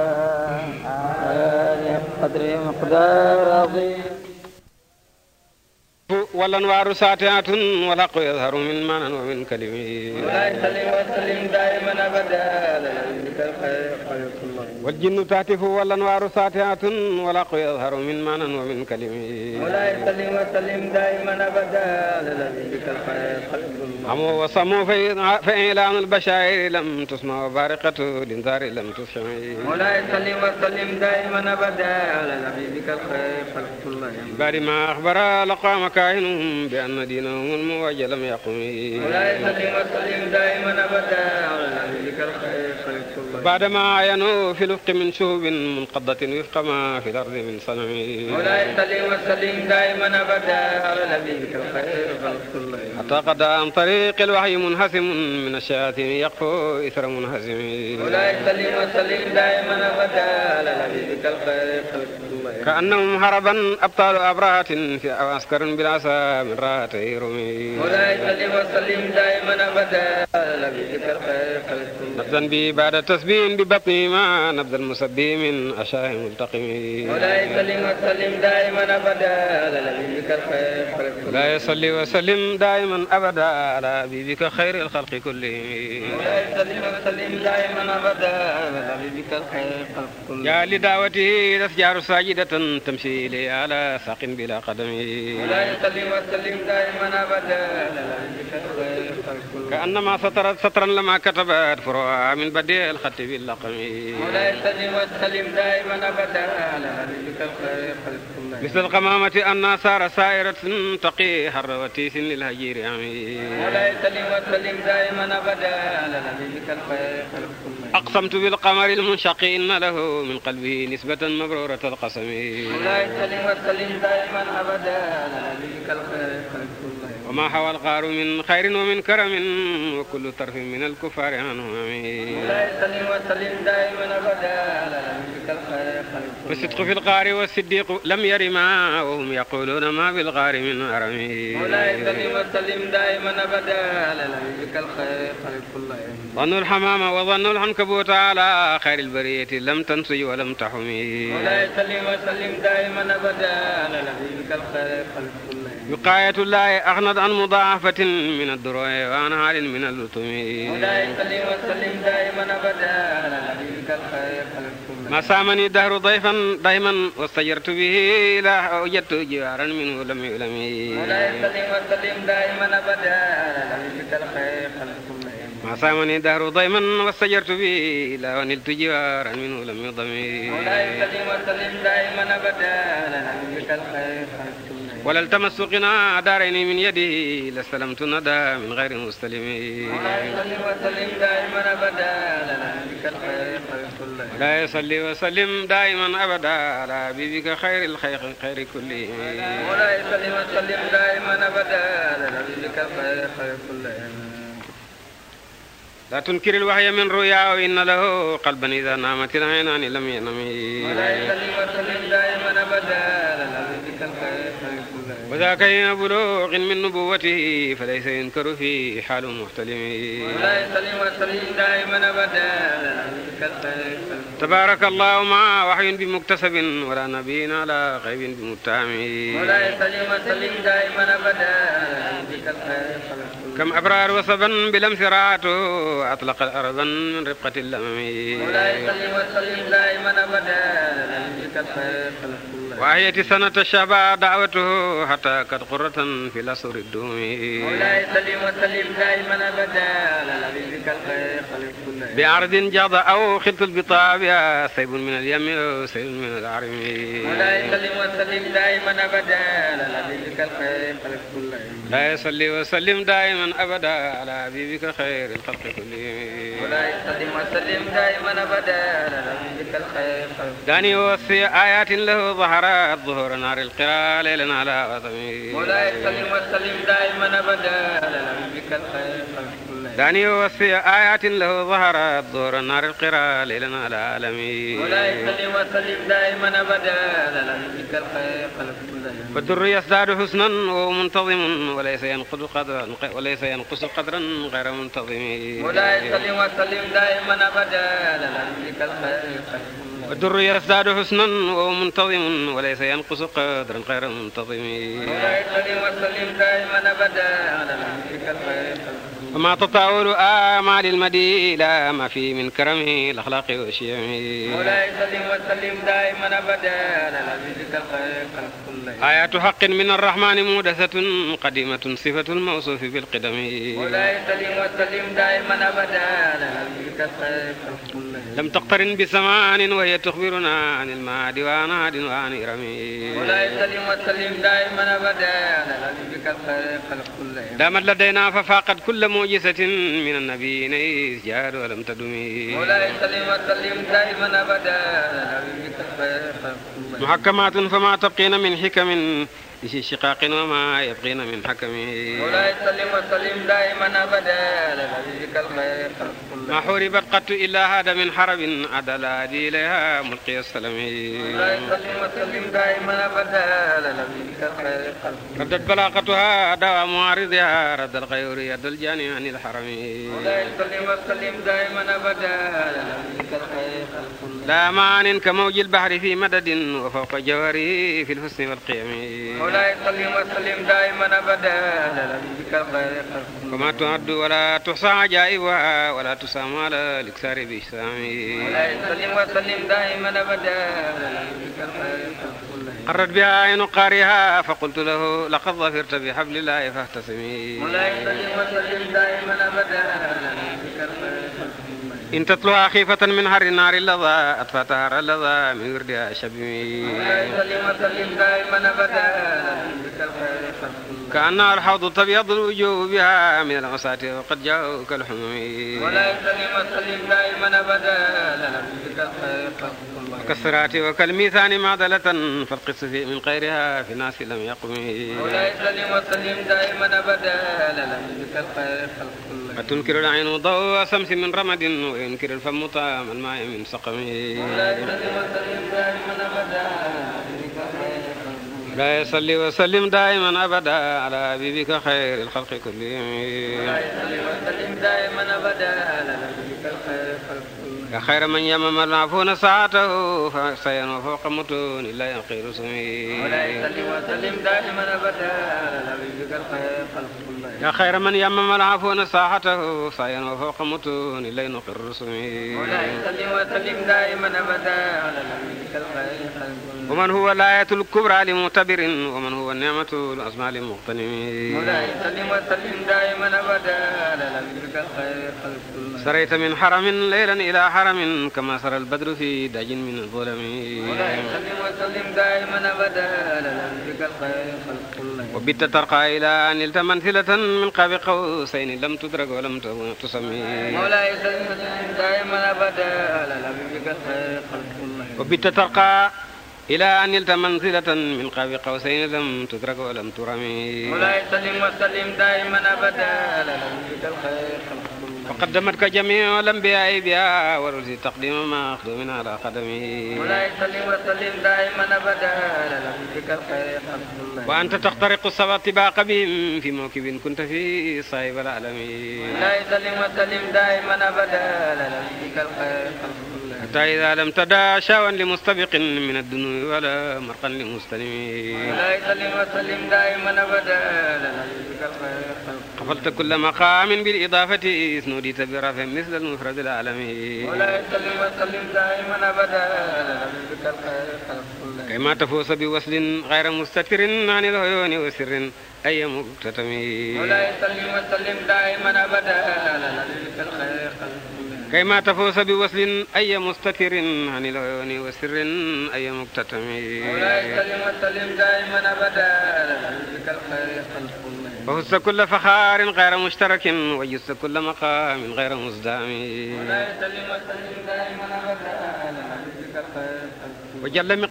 آله قدره مقدار عظيم والأنوار ساتعة والحق يظهر من معنى ومن كلمة وسلم دائما أبدا على الخير والجن تهتف والأنوار ساطعة والحق يظهر من معنى ومن كلمة مولاي سلم وسلم دائما أبدا للذي بك الخير خلق عموا وصموا فإعلان البشائر لم تسمع وبارقة الإنذار لم تسمع مولاي سلم وسلم دائما أبدا للذي بك الخير خلق الله بعد ما أخبر لقام كاهن بأن دينهم المواجه لم يقم مولاي سلم وسلم دائما أبدا للذي بك الخير خلق بعدما ينو في لفق من شهب منقضة وفق ما في الأرض من صنع مولاي صلي وسلم دائما أبدا على نبيك الخير خلق الله حتى قد عن طريق الوحي منهزم من الشياطين يقفو إثر منهزم مولاي صلي وسلم دائما أبدا على نبيك الخير خلق الله كأنهم هربا أبطال أبرات في عسكر بالعصا من راتي رمي مولاي صلي وسلم دائما أبدا على نبيك الخير خلق الله نبذا بي بعد تسبيح بهم ببطني ما نبذ المسبي من أشاء ملتقم ولا يسلم وسلم دائما أبدا على نبيك الخير لا يصلي وسلم دائما أبدا على حبيبك خير الخلق كلهم ولا يسلم وسلم دائما أبدا على حبيبك الخير الخلق كلهم يا لدعوته أشجار ساجدة تمشي إلي على ساق بلا قدم ولا يسلم وسلم دائما أبدا على حبيبك الخير الخلق كلهم كأنما سطرت سطرا لما كتبت فروع من بديع الخط الراتب اللقمي ولا يستدم واستلم دائما ابدا على مثل الخير خلق مثل القمامة أن صار سائرة تقي حر وتيس للهجير عمي ولا يستدم واستلم دائما ابدا على مثل الخير خلق أقسمت بالقمر المنشق إن له من قلبه نسبة مبرورة القسم ولا يستلم واستلم دائما ابدا على مثل الخير خلق wa ma xawal xaaru min xayrin wa min karamin wa kullu tarfin min alkufaari anhu amin wa sidqu fi lxaari wa siddiqu lam yarima wa hum yaquluuna ma fi lxaari min arami ظن الحمام وظن العنكبوت على خير البرية لم تنسج ولم تحمي ولا سلم وسلم دائما أبدا لنبيك الخير خلف الله وقاية الله أغنى وابعد عن مضاعفة من الدروع وعن عال من اللطم ما سامني دهر ضيفا دائما واستجرت به إلى وجدت جوارا منه لم يلمي ما سامني دهر ضيما واستجرت به إلى ونلت جوارا منه لم يضمي مولاي سليم وسلم دائما أبدا لنا منك الخير wala ltamastu qinaa daarayni min yadihi lastalamtu nadaa min gayri mustalimi ولا يصلي وسلم دائما ابدا على حبيبك خير الخير خير كله ولا يصلي وسلم دائما ابدا على حبيبك خير خير كله لا تنكر الوحي من رؤيا وإن له قلبا إذا نامت العينان لم ينم ولا يصلي وسلم دائما أبدا وذا كين بلوغ من نبوته فليس ينكر في حال محتلم ولا يسلم ويسلم دائما ابدا تبارك الله مع وحي بمكتسب ولا نبي على غيب بمتهم ولا يسلم ويسلم دائما ابدا كم ابرار وصبا بلمس راته اطلق الارضا من رفقه اللمم ولا يسلم ويسلم دائما ابدا وأحيت سنة الشباب دعوته حتى كد قرة في الأسر الدومي مولاي سلم وسلم دائما أبدا للعبيدك الخير خلق كل بعرض جاض أو خلط البطابع سيب من اليم وسيل من العرم مولاي سلم وسلم دائما أبدا للعبيدك الخير خلق كل لا يصلي وسلم دائما ابدا على حبيبك خير الخلق كلهم لا يسلم وسلم دائما ابدا على حبيبك الخير داني وفي ايات له ظهرت ظهور نار القرى ليلا على وطني ولا يسلم وسلم دائما ابدا على حبيبك الخير داني وصفي آيات له ظهرت دور النار القرى ليلا على العالمين ولا يصلي وسلم دائما أبدا لنبيك الخير خلق كل فالدر يزداد حسنا وهو منتظم وليس ينقص قدرا وليس ينقص قدرا غير منتظم ولا يصلي وسلم دائما أبدا لنبيك الخير خلق والدر يزداد حسنا وهو منتظم وليس ينقص قدرا غير منتظم ولا يصلي وسلم دائما أبدا على نبيك الخير خلق وما تطاول آمال المدي لا ما في من كرمه الأخلاق وشيمه مولاي سلم وسلم دائما أبدا على عبيدك الخلق كله آيات حق من الرحمن مودثة قديمة صفة الموصوف بالقدم مولاي سلم وسلم دائما أبدا على عبيدك الخلق لم تقترن بزمان وهي تخبرنا عن المعاد وعن عاد وعن إرم مولاي سلم وسلم دائما أبدا دامت لدينا ففاقت كل معجزة من النبيين إذ جار ولم تدم مولاي سلم وسلم دائما أبدا محكمات فما تبقين من حكم لشي شقاق وما يبقين من حكم مولاي سلم وسلم دائما أبدا لذلك الخير خلق ما حربت قط إلا هذا من حرب عدل هادي إليها ملقي السلام وسلم دائما أبدا للملك الخير ردت بلاغتها دوام معارضها رد الغيور يد الجاني عن الحرم وسلم دائما أبدا للملك الخير لا معان كموج البحر في مدد وفوق جواري في الحسن والقيم مولاي صل وسلم دائما أبدا للملك الخير وما تعد ولا تحصى عجائبها ولا تسعى والسلام على الإكثار بإحسان وسلم وسلم دائما أبدا قرت بها عين قارها فقلت له لقد ظفرت بحبل الله فاهتسمي وسلم دائما أبدا إن تطلع خيفة من هر نار اللظى أطفى تهر اللظى من وردها شبمي وسلم وسلم دائما أبدا كأنها الحوض تبيض الوجوه بها من الغساتير وقد جاءوك الحميم ولا يستلم السليم دائما أبدا لنبيك كالصراط وكالميزان معضلة فالقس في من غيرها في ناس لم يقم ولا يستلم السليم دائما أبدا لنبيك الخير خلق كله فتنكر العين ضوء شمس من رمد وينكر الفم طعم الماء من سقم ولا يستلم السليم دائما أبدا لا يصلي وسلم دائما ابدا على حبيبك خير الخلق كلهم لا يصلي وسلم دائما ابدا على حبيبك خير الخلق يا خير من يمم المعفون ساعته فسين وفوق متون لا ينقي رسمي ولا يصلي وسلم دائما ابدا على حبيبك الخير يا خير من يمم العفو ساحته فإنه فوق متون إلي نقر رسمي مولاي سلم وسلم دائما أبدا على نبيك الخير ومن هو الآية الكبرى لمعتبر ومن هو النعمة العظمى لمغتنم مولاي سلم وسلم دائما أبدا على نبيك الخير خلق سريت من حرم ليلا إلى حرم كما سرى البدر في داج من الظلم مولاي سلم وسلم دائما أبدا على نبيك الخير خلق wa bitta tarqa ila an ilta mansilatan min qaabi qawsayni lam tudrak wa lam tusami wa bitta tarqa إلى أن نلت منزلة من قاب قوسين لم تدرك ولم ترمي مولاي سلم وسلم دائما أبدا على نبيك الخير خلق وقدمتك جميع الأنبياء بها ورسل تقديم ما أخدم على قدمه مولاي سلم وسلم دائما أبدا على لفظك الخير حمد وأنت تخترق السبع طباق بهم في موكب كنت فيه صاحب العالم مولاي سلم وسلم دائما أبدا على لفظك الخير حمد حتى إذا لم تدع شاوا لمستبق من الدنو ولا مرقا لمستلم مولاي سلم وسلم دائما أبدا على لفظك الخير فقلت كل مقام بالإضافة اسنوديت برفع مثل المفرد العالمي ولا يسلم وسلم دائما أبدا نبيك الخير كما تفوز بوصل غير مستتر عن العيون وسر أي مكتتم ولا يسلم وسلم دائما أبدا نبيك الخير كيما تفوز بوصل أي مستتر عن العيون وسر أي مكتتم ولا يسلم وسلم دائما أبدا نبيك الخير وهز كل فخار غير مشترك ويس كل مقام غير مزدام وجل